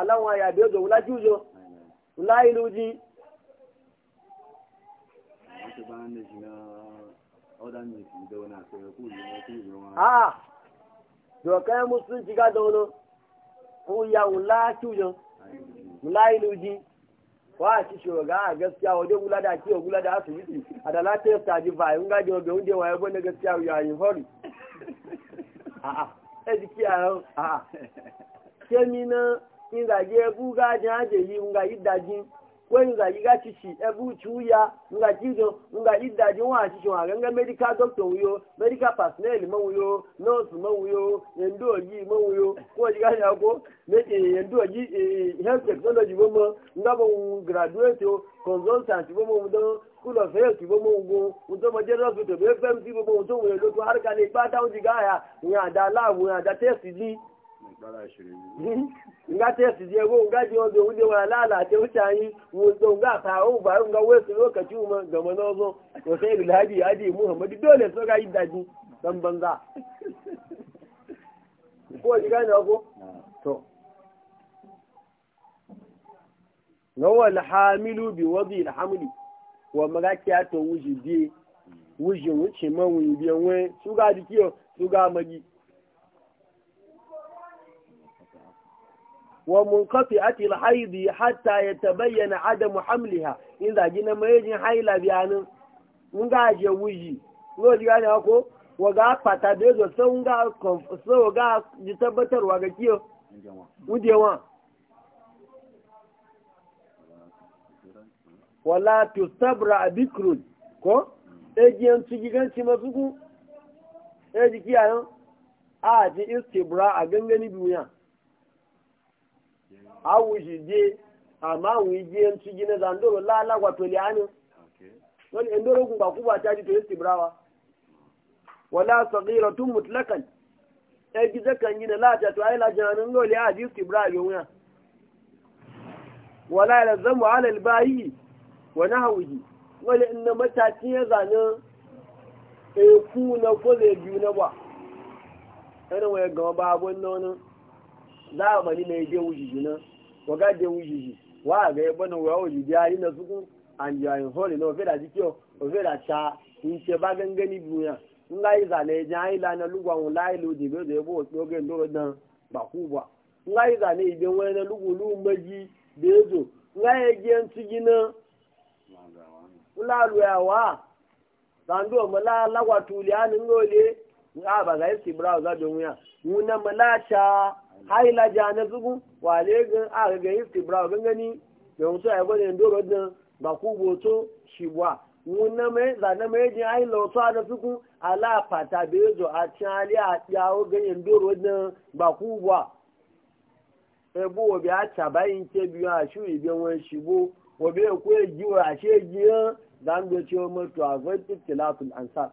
aláwọn àyàbí ọjọ́ wọlá jújọ wọlá ìlú jí. dọ̀kẹ́ musulun ti ká dánwó kún ya wọlá jújọ wọlá ìlú jí ṣòro gáà gẹ́síà ọdún wúládà àti ògúládà àṣìṣì àdàlá tẹ́sítà àti báyìí ń gájọ ọbẹ̀ oúnjẹ wọn ẹgbẹ́ ní gẹ́síà òyà àyìnfọ́rì ẹ̀dìkí àrùn ṣé mi náà ngaji ebu ga ji aje yi ngaji daji kwe ngaji ga chichi ebu chu ya ngaji jo ngaji daji wa chichi wa nga medical doctor uyo medical personnel mo uyo nurse mo uyo endo yi mo uyo ko ji ga ya ko me endo yi health technology bo mo nga bo graduate consultant bo mo do school of health bo mo go ndo mo general hospital bo fmc bo mo ndo wo lo to har ka le pa ta o ga ya ya da lab ya da test di nga tesi je go nga ji odo wuje wa lala te wuce anyi wuzo nga ta o ba nga wesu lokaci mu ga manozo to sai bilhaji haji muhammadu dole so ga yi daji dan banza ko ji gane ko to nawa alhamilu bi wadi alhamli wa magaki ato wuji bi wuji wuce man wuji bi won suga dikiyo suga magi wa munkafi ati haidi hatta ya tabayyana adam hamliha in za gina mayajin haila biyanin in ga je wuji no ji gane ko wa ga fata da zo sun ga so ga ji tabbatarwa ga kiyo wuje wa wala tustabra bikrun ko ejiyan cikin ci mazuku eji kiyayen a ji a gangani duniya awuji je amma awuji je ntu gina zandoro lala kwa toli anu wani endoro kun ba kuba ta ji to yesti brawa wala sagira tun mutlakan e gize zakan gina la ta to ai la janan no le aji yesti brawa yo ya wala lazamu ala albayi wa nahwihi wala inna matatin ya zanan e ku na ko le biyu na ba ana waya ga ba abun nonon zamani mai je wujiji nan waga je wujiji wa ga ya na wa wujiji ya yi na suku an ji ayin hori na ofela jiki o ofela ta in ce ba gangani buya in ga yi zane jan ayi la na lugwa wula ayi lo jibe da yabo wasu oge ndoro dan ba ku ba in ga yi zane ibe wani na lugu lu maji da ya zo in ga yi giyan tugi na kula wa zando mala lagwa tuliya ni ngole nga ba ga yi sibra za don wuya wuna mala ta haila ja na zugu wale gan a ga bra gan gani da wasu ai gwada ndoro din ba ku boto shibwa wuna mai na mai jin ai lo lauta da zugu ala fata bezo a tin ali a gan ganyen doro din ba ku e bwa o bi a ba tabayin ke bi a shu shi ibe won shibo o obi ku e ji o a shi ejiyan dan do o mo to a ti tilatul ansar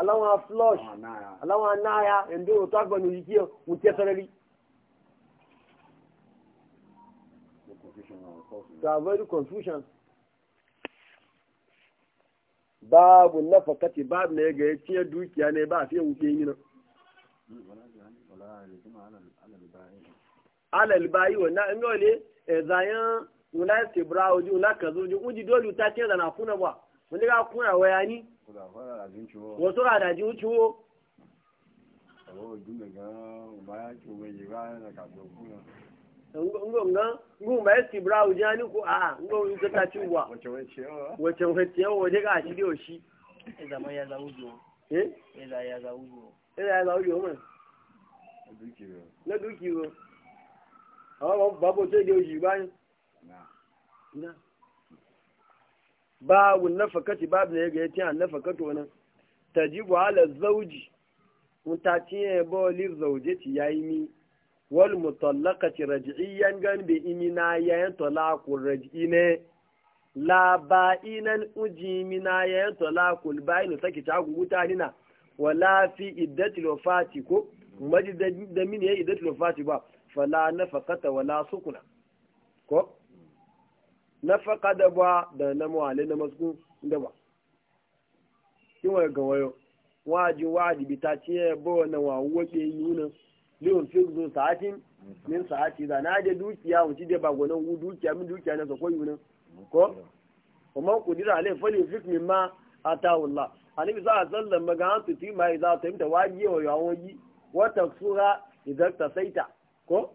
aláwọn flush aláwọn anáyà ẹ̀ndó tó agbọ̀nù yìí kí o confusion. babu na fakati babu na ya ga ya dukiya ne ba fiye wuce yi na. alal bayi wannan in yau ne zayen wula sibra oji wula kazo oji dole ta da na kuna ba wani ga kuna waya wayani wọ́n tó rà dájú ń ṣúwó ngongan ngumba bra ujani ku a ngo uzo tachiwa wace wace wace ga shi ma ya zaujo eh eza ya zaujo eza ya zaujo mun dukiwo na dukiwo awa babo te babu nafakati babu ne ga yace an nafakato nan tajibu ala zawji mutaci ya bo li zawjati yayi mi wal mutallaqati raj'iyan gan bi imina yayin talaqul raj'i ne la ba'inan uji mina yayin talaqul ba'inu saki ta mutane na wala fi iddatil wafati ko majid da min yayi iddatil wafati ba fala nafaqata wala sukuna ko na faka da ba da na mawale na masu da ba wa ga wayo waji waji bi ta ce ba wannan wa woke nuna leon fi zo sa'atin min sa'ati da na da dukiya mu ci da ba gonan wu dukiya min dukiya na sako yuna ko kuma dira alai fali fik min ma atahu anabi annabi za a sallan maga an su tima za ta yi waji wa yawon waji wata sura idan ta saita ko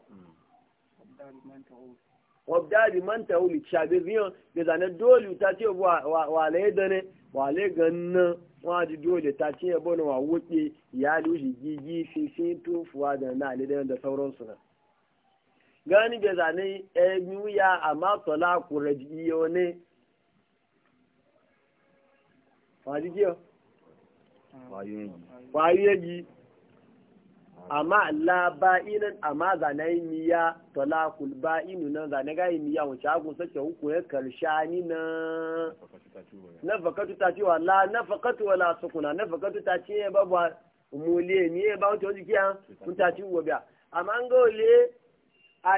wabdari manta ta wuli shabe biyan da zane dole ta ce wa laye dane wa laye ganna wa di dole ta ce ya bane wa wuce ya lushi gigi fifi tufuwa da na alidai da sauransu na gani da zane e, ya miya amma tola kura jiyo ne wa ji kiyo? kwayo yaji amma la ba'inan amma zanai miya talakul ba'inu nan zane gayi miya wace agun sake hukun ya karshani na na fakatu ta ce wala na fakatu wala sukuna na fakatu ta ce ba ba mule ni e ba wato jikiya kun ta ci wo biya amma an ga ole a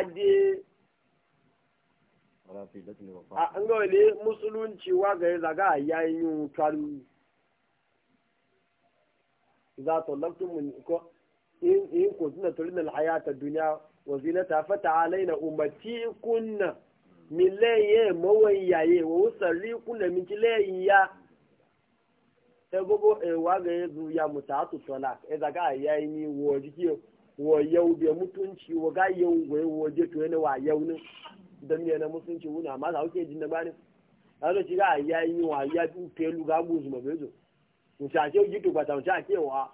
an ga ole musulunci wa gari zaga yayin taru za to laftun mun ko in suna turin alhayata duniya wa zinata fata'alaina ummatikunna min leye mawai yaye wa wusarri kunna min kileyin ya ta gogo e waga ya ya mutatu talak e daga yayi ni wo jiki wo yau be mutunci wo ga yau go wo je to ne wa yau ne dan ne na mutunci wuna ma za ku je jin da bani a lo ci ga yayi ni wa ya tu pelu ga guzu ma bezo nshashe gitu ba tauta cewa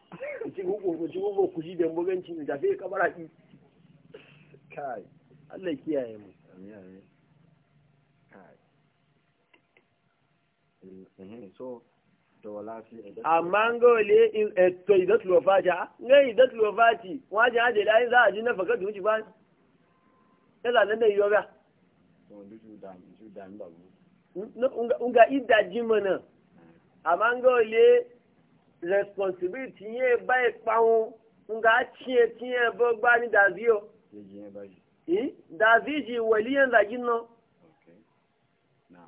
ci gugu ci gugu ku da muganci tafi kabara ki kai Allah kiyaye mu mm-hmm, so eh, to wala fi amma ngole to idat da za a ji na faka ba kaza nan da yoga da duju ba unga idda amma responsibility yẹn bá ẹ pa wọn nga tiẹ tiẹ bó gbá ní dàbí o dàbí jì wẹ̀lí yẹn dàgí nọ. kó ká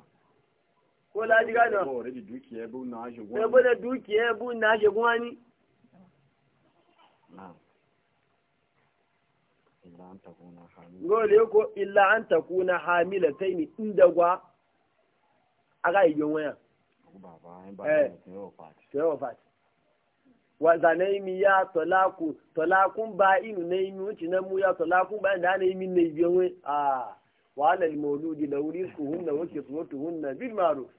ko laji gano ebe da dukiya bu na shagun wani gole ko illa an ta kuna hamila ta ne inda gwa a ga igin waya ẹ yawa fati wa na mi ya tolaku tolakun ba inu na imi wuce na mu ya tolakun ba inda na imi na ibi onwe a wa alal mauludi da wuri su hunna wuce su mutu hunna bil maru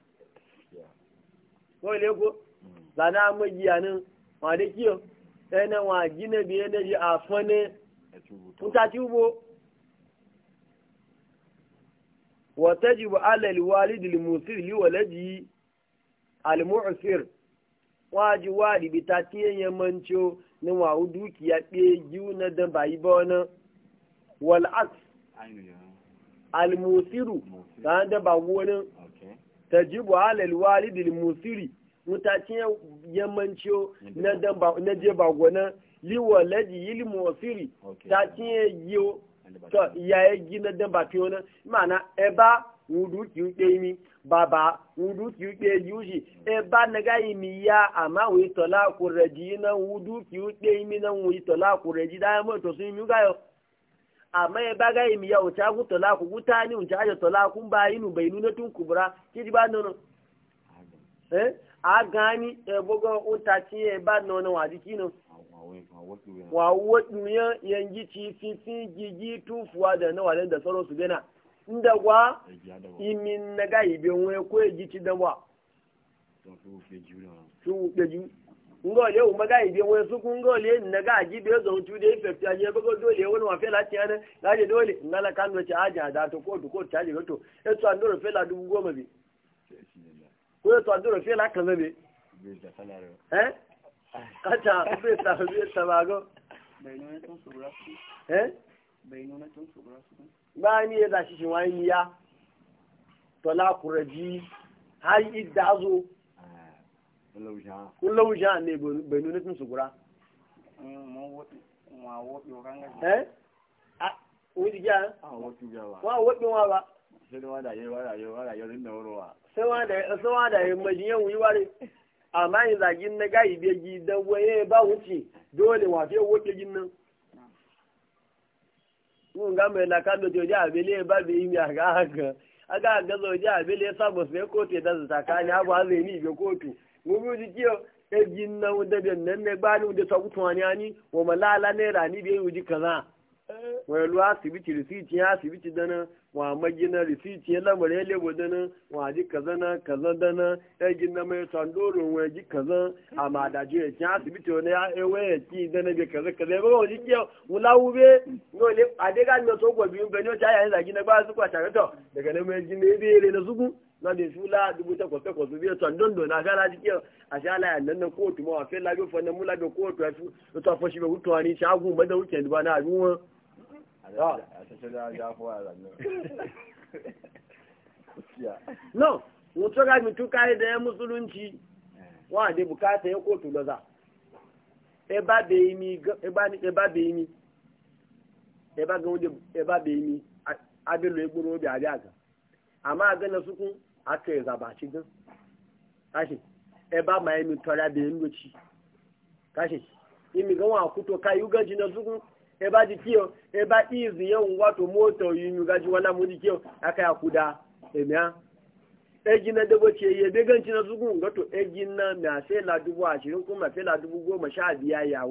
ko le ko mm. na amaji anan wa da kiyo na wa gina biye na ji a fane tuta tubo wa tajibu alal walidi limusir liwalaji al-mu'sir waji wari bi ta tiye yamancio e na wawu dukiya ɓe giyu na da bayi ba wani wal'aks alimusiru ta da ba wani ta jibu halal walidil musiri mutacin yamancio na je ba gona liwa laji yili musiri ta tiye yiwo ya yi gina da ba fiye wani mana eba wudu kpe ɗaya baba wudu ki uke yuji e ba na ga imi ya ama wi tola ku reji na wudu ki uke imi na wi tola ku reji da mo to sun mi ga yo amma e ba ga imi ya uta ku tola ku guta ni unta ajo tola ku ba inu bai nu na tun kubra ki di ba nono eh a gani e bogo uta ti e ba nono wa di kino wa wo dunya yanji ci fi fi gigi tufuwa da na walen da sauransu bena ndagwa imi naga ibe nwe ko egichi dawa su peju ngole o maga ibe nwe su ku ngole naga aji be zo tu de fe pya dole won wa fe la ti ana la je dole ngala kan we cha aja da to ko du ko to e to andoro fe la du bi ko e to andoro fe la kan be eh kacha be sa be eh bani ya zashi shi wani ya tola kuraji har idda zo kullum sha ne bai nuna tun sukura eh wa wa ba sai wa da yi wa da yi wa da yi da sai wa da yi wa da yi ware amma yin zagin na gayi begi dan waye ba wuce dole wa fiye wobi gin nan mun ga mai laka da joji abele ba bi imi aga aga aga ga zoji abele sabo sai kotu da zata kani abu azai ni be kotu mun bi ji kiyo ejin na wanda be nan ne gbani wanda sa kutuwa ni ani wa malala ne rani be yuji kaza wẹ̀lú asibiti risiti ya asibiti dana wà magina risiti ya lamar ya lebo dana wa ji kaza na kaza dana ya gina mai sandoro wa ji kaza a madaji ya ci asibiti wani ya ewe ya ci dana bi kaza kaza ya bawa jikiya wula wube yole a dai ga nuna sokwa gani na ba su kwa na bai fula dubu takwas a shala ya na ma na ta ba Er- er er no mutu ga mitu ka da ya musulunci eh. wa da bukata ya kotu da eba be imi eba e e be eba ga eba be egboro obi abi aga ama aga na chi gan kashi ma emi tora be imi kashi e ba di kiyo e ba izi yawon wato mota yunyu gaji wala mu ji kiyo aka ya kuda emiya egin na dabo ce ya gan ganci na zugun e egin na na se la dubu ashirin kuma se la dubu goma sha biya ya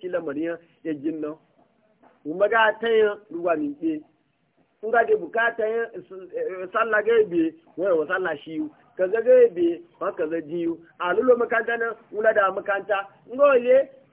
ti la mari ya e lamarin egin nan kuma ga ta yin ruwa mi ke kun ga da bukata yin sallah ga ebe wai wa sallah shi yi kaza ga ebe ma kaza jiyu a lulo makanta nan wula da makanta ye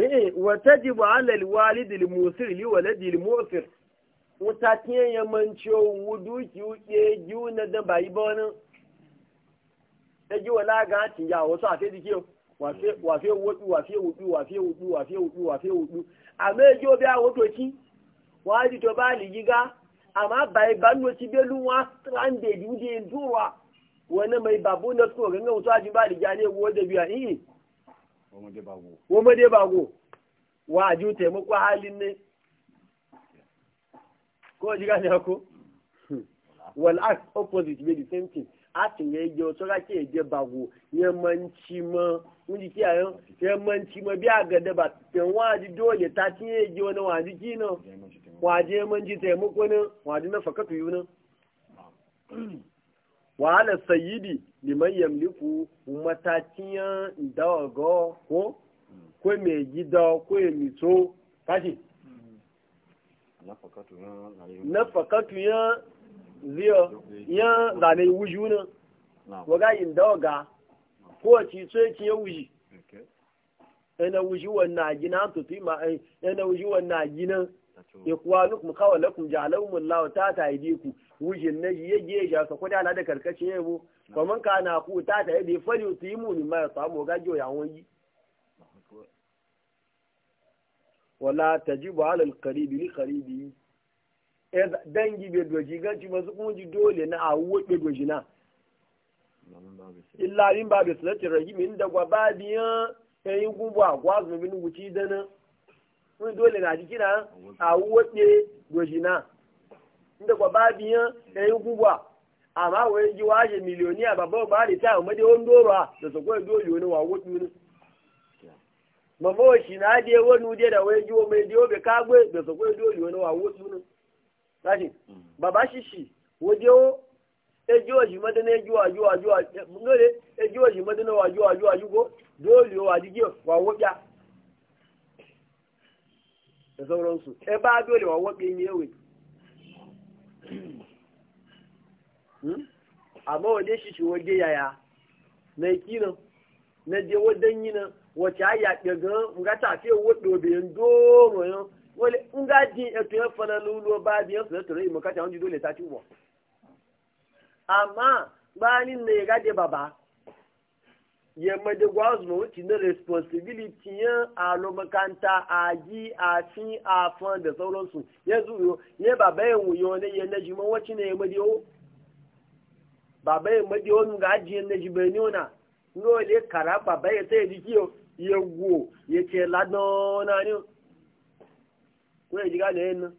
eh wa tajibu ala alwalid almusir li waladi almusir wuta tiyan yamancho wudu ki uke juna da bayi bonin da ji wala ga tin wasu a sai dike wafe wudu wafe wudu wafe wudu wafe wudu amma jo bi a wudu di to ba li giga amma bai banno ci belu wa stranded wudu en duwa wani mai babu na ko ganga wuta ba da biya eh, wọ́n dé bago. wọ́n àjú taimako halin ne ko ji gani ako wal act opposite be the same thing acting ya je to ga ke je bago yamanci ma mun ji kiyaye yamanci ma biya ga da ba tan waji dole ta tin ya je wani waji kino waje man ji taimako ne waji na fakatu yunan wa ala sayyidi liman yamliku matatiyan dawago ko ko me gida ko mi so kashi nafakatu ya ziyo ya zane wujuna waga yin dawaga ko ci so ci ya wuji ina wuji wannan gina to fi ma ina eh, wuji wannan gina ya ikwanu kuma kawalakum ja'alahumullahu ta taidiku wujin na yi yage ya sa kwada ala da karkace ya bu kaman ka na ku ta ta yadda ya fari su yi muni ma ya samu gajo ya wani wala ta ji ba halin karibi ni karibi e, dangi bai doji ganci ba su kuma ji dole na a wuɗe doji na illa yin ba bai sulatin rahimi inda gwa ba biyan yayin e, gubu a gwazumin wuci dana wani dole na jikina a wuɗe doji na ndị kwa babi yan da yi a ama wee ji a miliyoniya milioni a da ọ bụ dai wani dora da su kawai dole wani wa wuce mini mamawa shi na je wani je da wai jiwo mai jiwo bai kagwe da su kawai dole wani wa wuce mini tashi baba shi shi wajewo ejiwo shi wa wa Hmm? amma wade shi shi yaya na iki nan na je wadan yi nan wace a ya ɗaga nga tafiya wadda bayan doro yan wale in ji eto yan fana lulu ba biyan su zato yi makata wani dole ta ci uwa amma bayanin na ya gade baba ya mada gwazu wuce na responsibility ya alo makanta a ji a fi a fan da sauransu ya zuyo ya baba ya wuyo ne ya naji man wacce ne ya o baba ya mada o ga aji ya naji bai ne ona no le kara baba ya sai jiki ya wo ya ce ladon na ne ko ya jiga da yin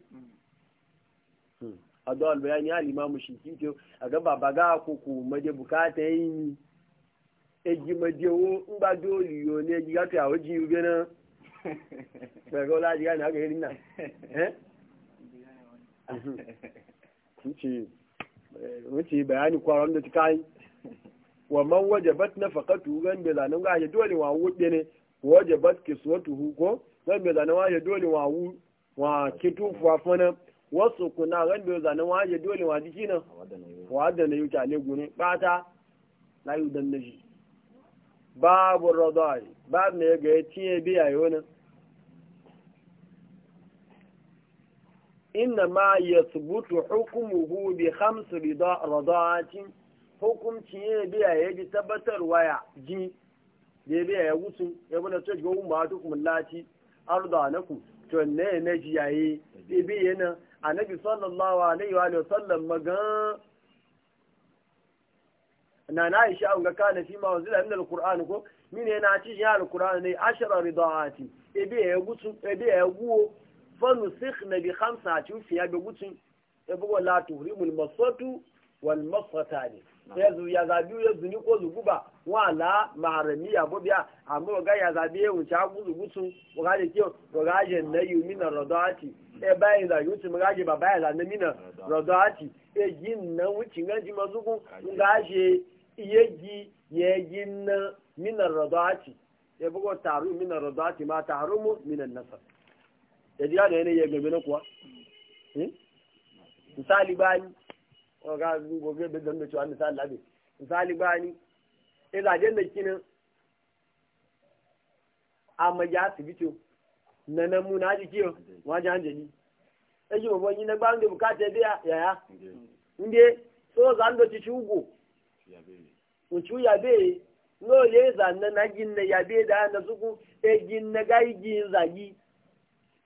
a dole bayani alimamu shi kito a ga baba ga koko mada bukata ya yi ejimajewo ngbado oliyo ne jiga to yawo ji ube na daga wala jiga na aka eh, yi rinna wuce bayani kwaron da ta wa man waje bat na fakatu gan da zanen gaje dole wa wuɗe ne waje bat ke suwatu huko gan da zanen waje dole wa wu wa kitu fafana wasu kuna gan da zanen waje dole wa jiki na wa da na yi wuce ale gune bata layu dan na shi babu radai ba me ga ya tiye biya yona inna ma yathbutu hukmuhu bi khams radatin hukum ya biya ya ji tabbatar waya ji ya biya ya wusu ya bada to ga umma to kuma lati arda nakum to ne ne ji yayi bi bi yana annabi sallallahu alaihi wa sallam magan na na aisha an ga kana fi ma wanzila min alquran ko mine na ci ya alquran ne ashara ridaati ebe ya gutu ebe ya guwo fa nusikhna bi ci fi ya gutsu ebe wala tuhrimul masatu wal masatani ya zu ya zabi ya zuni ko zuguba wala maharami ya bobiya amma ga ya zabi ya wuce ku ko ga da kiyo ga e e je na yi ridaati e bayin da yusu ga je ba bayin da na mina ridaati e jin na wucin ganji mazugun ga je yaji yaji na minar radati ya bugo taru minar radati ma tarumu minan nasab yaji ga ne ya gabe na kuwa hmm? misali bani o ga gobe ge dan da cewa misali labi misali bani ila je da kinin amma ya asibiti na namuna jikiyo wajen hanjani eji babban yin na gbangbe bukata ya yaya nge so zando ti ci uchu ya be no ye za na na ya be da na suku e gin na ga gin za gi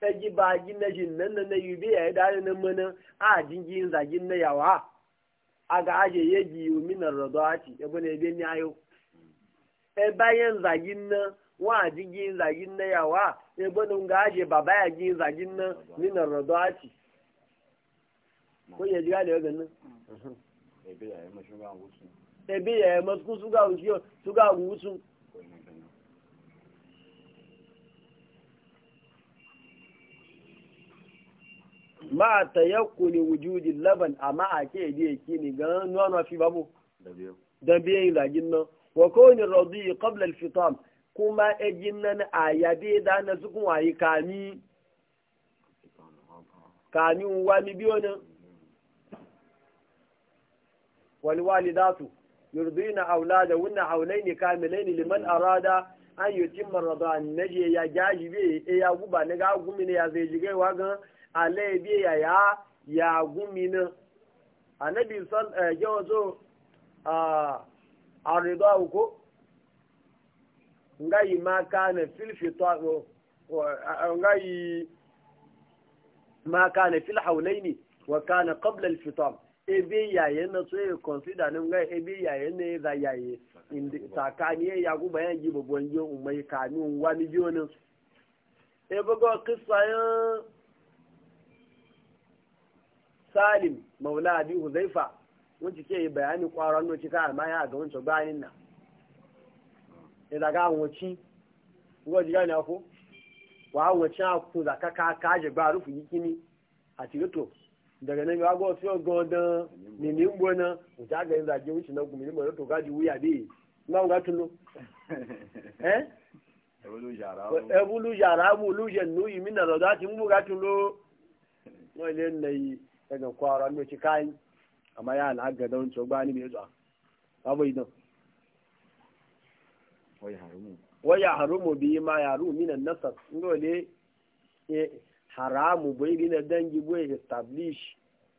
e ji ba na jin nan na yu ya da na mun a jin na yawa aga aje ye hmm. e ji min radati e bune ni ayo e bayan za gin ji gin za na yawa e na nga aje baba ya za na ya ẹbí ẹ̀ mọ́sùkú ṣúgà òjì ṣúgà ma wujudi laban amma a ke da ke ni ganin nuna fi babu don biyan zagin nan wa kowani radu qabla al-fitam kuma ejin nan a yabe da na sukun wayi kami kami wani biyo nan mm-hmm. wal walidatu yurdina aulada wunna haulaini kamilaini liman arada an yutimma radan naje ya jajibe e ya guba ne ga gumi ya zai jige wa gan ale bi ya ya ya ne eh, a ko ngai maka kana fil fitaro ngai ma kana fil haulaini wa kana qabla al fitam ebe yaye na so ya e consider ne ga ebe yaye ne za yaye tsakani ya ku bayan ji babban yi umai kanu wani biyo ne e bugo kissa ya salim maula abi huzaifa wanda ke bayani kwara no ka amma ya ga wancan bayanin nan e daga wuci ngo diga ne ko wa wuci ku zakaka kaje ba rufu yikini a tigato daga nan a go so godan ni ni na ga ji wuce na gumi ni to gaji wuya bi na ga eh ebulu jara ebulu jara lu je nu yi min da ti mu ga no le kwara ci kai amma ya na ga don to zo idan harumu harumu bi ma ngole eh haramu bụ ịdị na dangi bai establish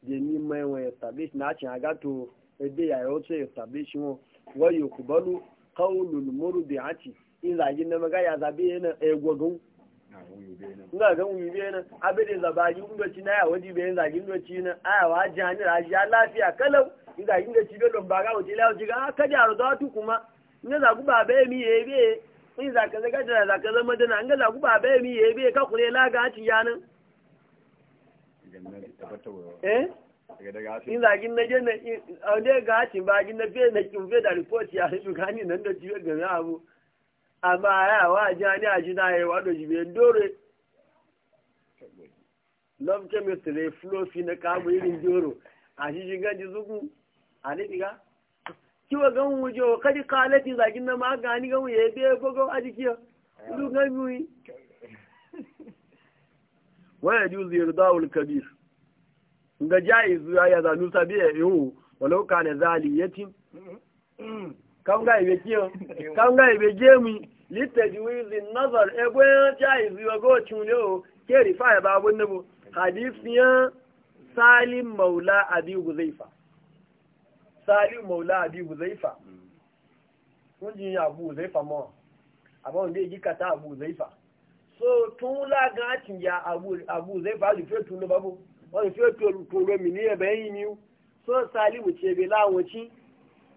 dị n'ime mai wa establish na achị agatọ ebe ya yi otu establish wọn wayo kubalu kaulul muru bi hati in zagi na maga ya zabe yana egwagun nga ga wuyi be na abe da zabaji ungaci na ya waji be zagi ungaci na aya wa jani raji ya lafiya kalau in zagi ungaci be don baga wuce lawo ji ga ah, ka jaro da tu kuma ne zagu ba be mi ebe in za ka zaga da za ka zama dana an ga za ku ba bai mi yayi bai ka kure laga ci yanin eh in za gin na je na a ne ga ci ba gin na fe na kin fe da report ya su gani nan da jiya ga abu amma ya wa jani a jina ya wa do ji be dore love chemistry flow fi na bu irin doro a shi shiga ji zuku a ne diga kiwa gan wujo wa kadi kalati zagin na ma gani gan wuye be gogo a jiki du gan wuyi wa yajuz irda'ul kabir nga jaiz ya zanu e yo walau kana zali yatim kan ga ibe kiyo kan ga ibe gemi in nazar e ya jaiz wa go chunyo ke rifa ba bunnu ya salim maula abi guzaifa salim maula abi huzaifa kun ji ya abu huzaifa ma amma wanda ya gikata abu huzaifa so tun lagan cin ya abu huzaifa su fiye tun babu wani fiye toro mini ya bayan yi miyu so salimu ce bai lawanci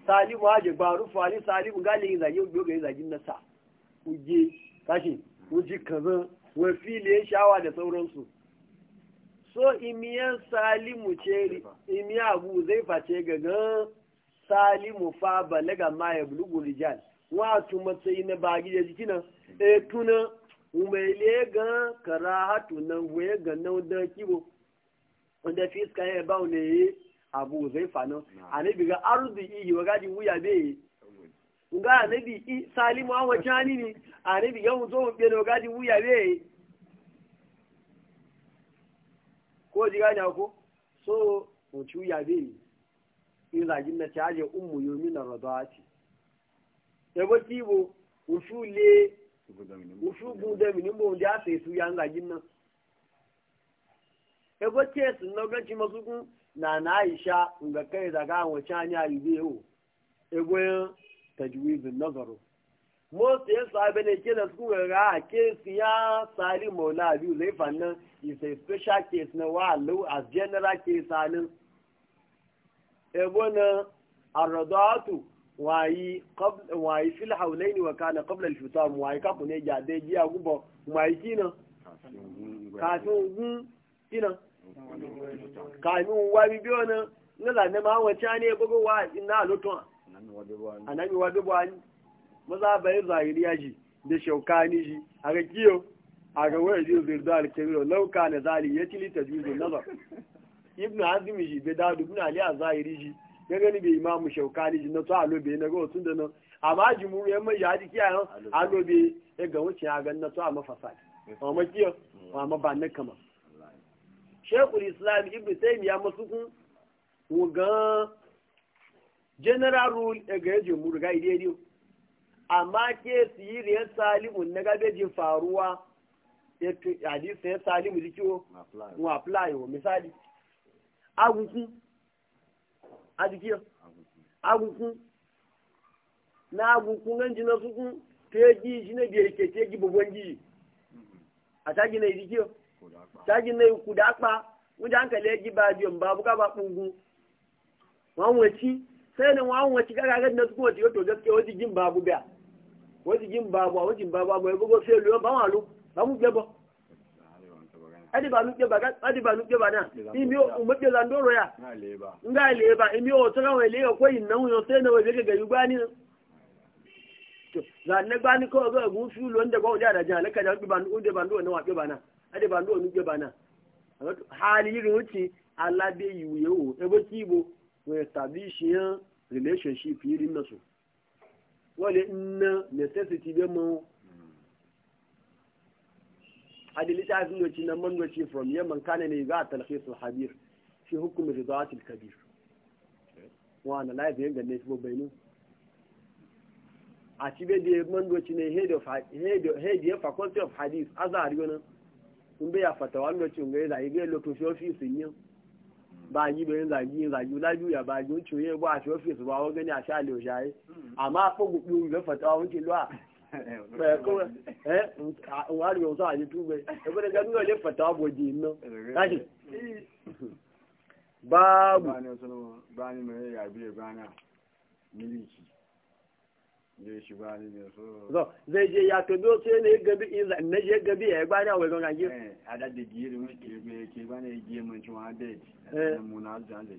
salimu haje gbaru fali salimu gali yin zage yoga yin zagin nasa uje kashi uji kaza wai fili shawa da sauransu so imiyan salimu ce imiyan abu huzaifa ce gagan salimu fa balaga ma ya bulugu rijal wato matsayi na bagi da jikina eh tuna umele ga karahatu nan waye ga nan da kibo wanda fiska ya ba ne abu zai fano anabi ga arzu yi wa gadi wuya be nga anabi salimu an wajani ni anabi ga zo be bene gadi wuya be ko ji nya ko so mu chu ya be in zagin na caje ummu yomi na ce. ya ba kibo usu le usu guda mini mo ya sai su yan zagin nan ya ba ce na ganci masu kun na na aisha ga kai daga wace hanya yi zai yau ya goyon tajwizin nazaro most ya sahabe ne ke da su ga a kesi ya sali maula biyu zai fannan is a special case na wa as general case halin ebona arradatu wayi qabl wayi fil hawlain wa kana qabla al fitar wayi ka kune ja de ji agubo wayi kina ka tun gun kina ka nu wayi biona ngala ne ma wacha ne bugo wa ina lutun anami wa bibo ani maza bai zahiri ji da shaukani ji a ga kiyo a ga wayar zirda al-kabir lauka na zali ya tili tajwizun nazar ibnu hazimi ji be dawud ibnu ali azahiri ji ya ni be imamu shaukani ji na to alobe na go tun da nan amma jumuru yamma ya ji kiyaye alobe e ga wuce ya ga na to a mafasad amma kiyo amma ba na kama shekul islam ibnu kun masukun wugan general rule e ga jumuru ga ide dio amma ke ya salimu na ji faruwa ya hadisi ya salimu jikiwo mu apply wa misali agunkun adìkíyọ agunkun na agùnkún náà jìnnà sunkún téèjì jìnnà bìrì kètè jì bọ̀bọ̀ jì àtàjì náà ìdíkíyọ tàjì náà ikú dàpá wọ́n jà ń kẹ̀lé ẹjì bá jọ mbà bó kábà kpungun wọ́n wọ̀ ẹtí sẹ́yìn ni wọ́n wọ̀ ẹtí kára kẹ́tì náà sunkún ọ̀tí yóò tó ó ti jí babu bó bẹ́à ó ti jí mbà bó àwọn ti mbà bó àwọn ẹgbẹ́ ba fẹ́ lu ọ adibanu keba kan adibanu keba na imi o ke zan ya nga le ba imi o to rawe le ko yin nan yo sai na we ga gari gani to zan ne gani ko ga e gun fi lo nda ko ja da ja le ka da ba o de bando na wa keba na adibanu ba nu na hali yi ruci alabe yiwu yewu ebe kibo we establish relationship yi wale nna necessity be mo hadi littafin wace nan man wace from yaman kane ne ga talhisul habir shi fi hukumin ridawatul kabir wani laifin yin su shi bainu a cibe da ya man ne head ya faculty of hadith a za a riyo nan sun bai ya fatawa wace ga ya zagi ga lokacin shi ofis sun yi ba yi bayan zagi yin zagi laju ya ba yi wuce ya ba shi ofis ba wa gani a sha lewa shaye hmm. amma ɓogu ɓiyu ga fatawa wuce luwa wari yau sa a yi tube ya kuma ga nuna lefa ta waje nan tashi babu bani mai yabi ya bana miliki ne shi bani ne so zai je ya to do sai ne gabi iza ne je gabi ya bana wai gon gaji a da da giri mu ke be ke bana ya je mun cewa da eh mun na jan da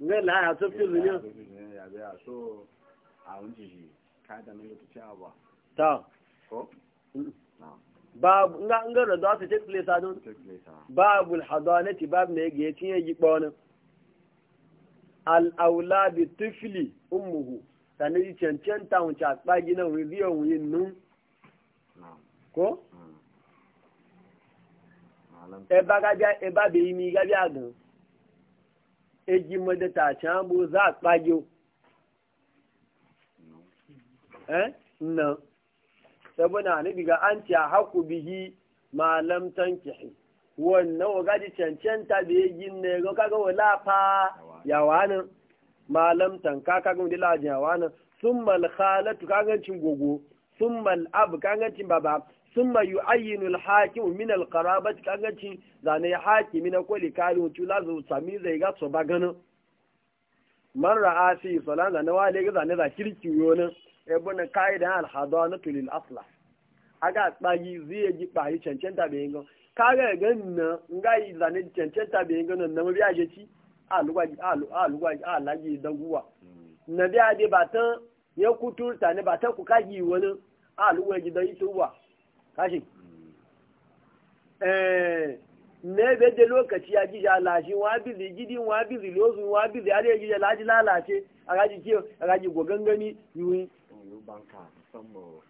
ne la ya to fi zunya ya be a so a wunci shi ka da mai a ba ta ko babu nga nga da take place babu alhadanati babu ne ga yatin yi kwanin al aula tifli ummuhu sanin cancanta wuce a tsagi nan rediyon wuyin nu ko? ẹba gájá ẹba bèyí mi gájá gan-an eji madata can bu za a kpagyo eh nan sabuna ni diga an ci a haku bihi malam tankihi wannan waga ji cancanta da ya yi ne ga kaga wala fa yawanin malam tanka kaga wani lajin yawanin sun mal khalatu kagancin gogo sun mal abu kagancin baba summa yu'ayyinu al-hakim min al-qarabati kaga ci zane hakimi na koli kari wucu la zu sami zai ga so ba ganin man ra'a fi salan zane wa le ga zane za kirki yona e bona kaidan al-hadanatu lil asla aga tsagi zai ji bari cancanta be ngo kaga gan na ngai zane cancanta be ngo nan na biya je ci a lugwaji a lugwaji a laji danguwa na biya de tan ya kuturta ne batan ku kaji wani a lugwaji dan ituwa kashi mm. eh, ne bai da lokaci ya gija lashe wa bizi gidi wa bizi lozu wa bizi are gija laji lalace a gaji ke a gaji gogan gani yuyi banka musamman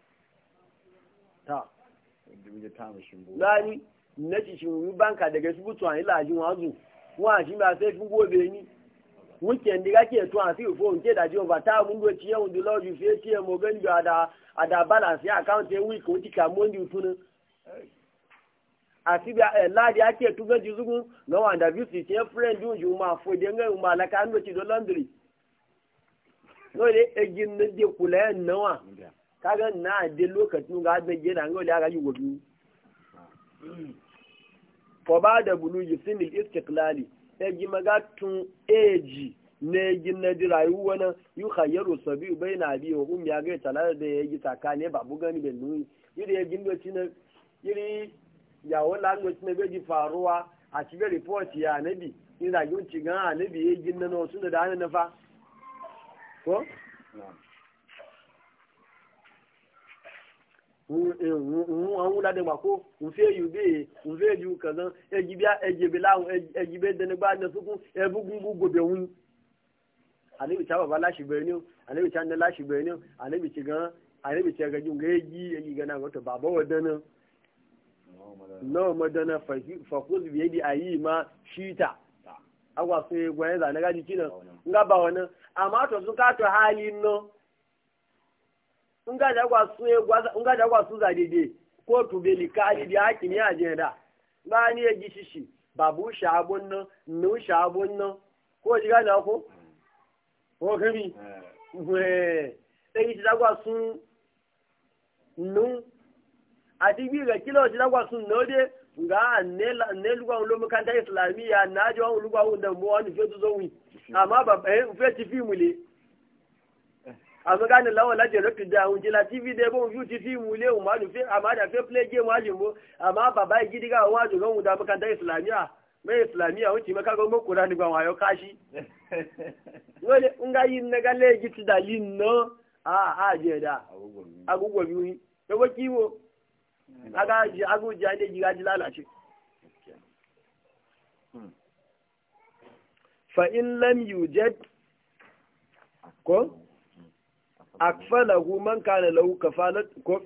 ta lani na ci shi banka daga su butu an ilaji wa zu wa shi ba sai fun gobe ni weekend ga ke to an fi fo nke da ji over ta mun go ci yau du lodge fi ci mo gani da ada balance ya account ya wuli ka wuce ka mondi utunin a fi bi a eh, ladi ake tuga ji zugu na wanda da su ce friend yun ma fo de ngai ma la ka ndo ci do laundry no le e gin ne de kula na wa ka ga na de lokacin ga da je na ngai ga yi wudu ko ba da bulu eh, eh, ji sinil istiqlali e gi maga tun age ne gin na ji rayuwa nan yi hayyaru sabi bai na biyu um ya ga talar da ya yi tsakani ba bu gani da nuni iri ya gin na iri ya wala an na bai faruwa a cikin report ya anabi in da yin anabi ya gin na wasu da dana na fa ko nfe nfe kazan anabi ta baba lashi bayani anabi ta lashi bayani anabi ci gan anabi ci ga junga yi yi gana wato baba wadana no madana fakul bi yadi ayi ma shita agwa sai gwaye za na gaji kina nga ba wannan amma to sun ka to halin no in ga da agwa su in ga da agwa su za dede ko to be likali da hakimi a da ba ni ya gishishi babu shabun nan nu shabun nan ko ji na ko ko eh. ti sun a bi ga kila ti sun na ode ne islamiyya na da fetu zonwi amma ba a maga ni lawan lajin rafi da hun jila tv da ti fe amma da fe play game bo amma ba gidi ga wajen gan islamiyya mai islamiyya maka kura ni wayo kashi dole in ga yin na gale gici da yin no a a je da agugwa biyu yi da ba kiwo aga ji agu ji ade ji lalace fa in lam yujad ko akfalahu man kana lahu kafalat ko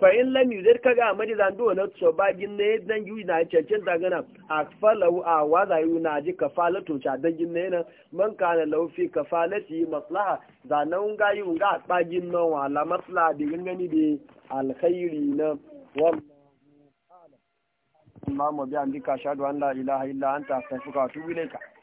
fa in lam yuzir kaga amadi zando na to ba gin ne dan yu na cancin zagana akfalau a waza yu na ji kafalatu cha dan gin ne nan man kana lau fi kafalati maslaha na zanan ga yu ga ba gin nan wala maslaha bi gin gani bi alkhairi na wallahu a'lam amma mu bi an dika shadu an la ilaha illa anta astaghfiruka wa atubu ilayka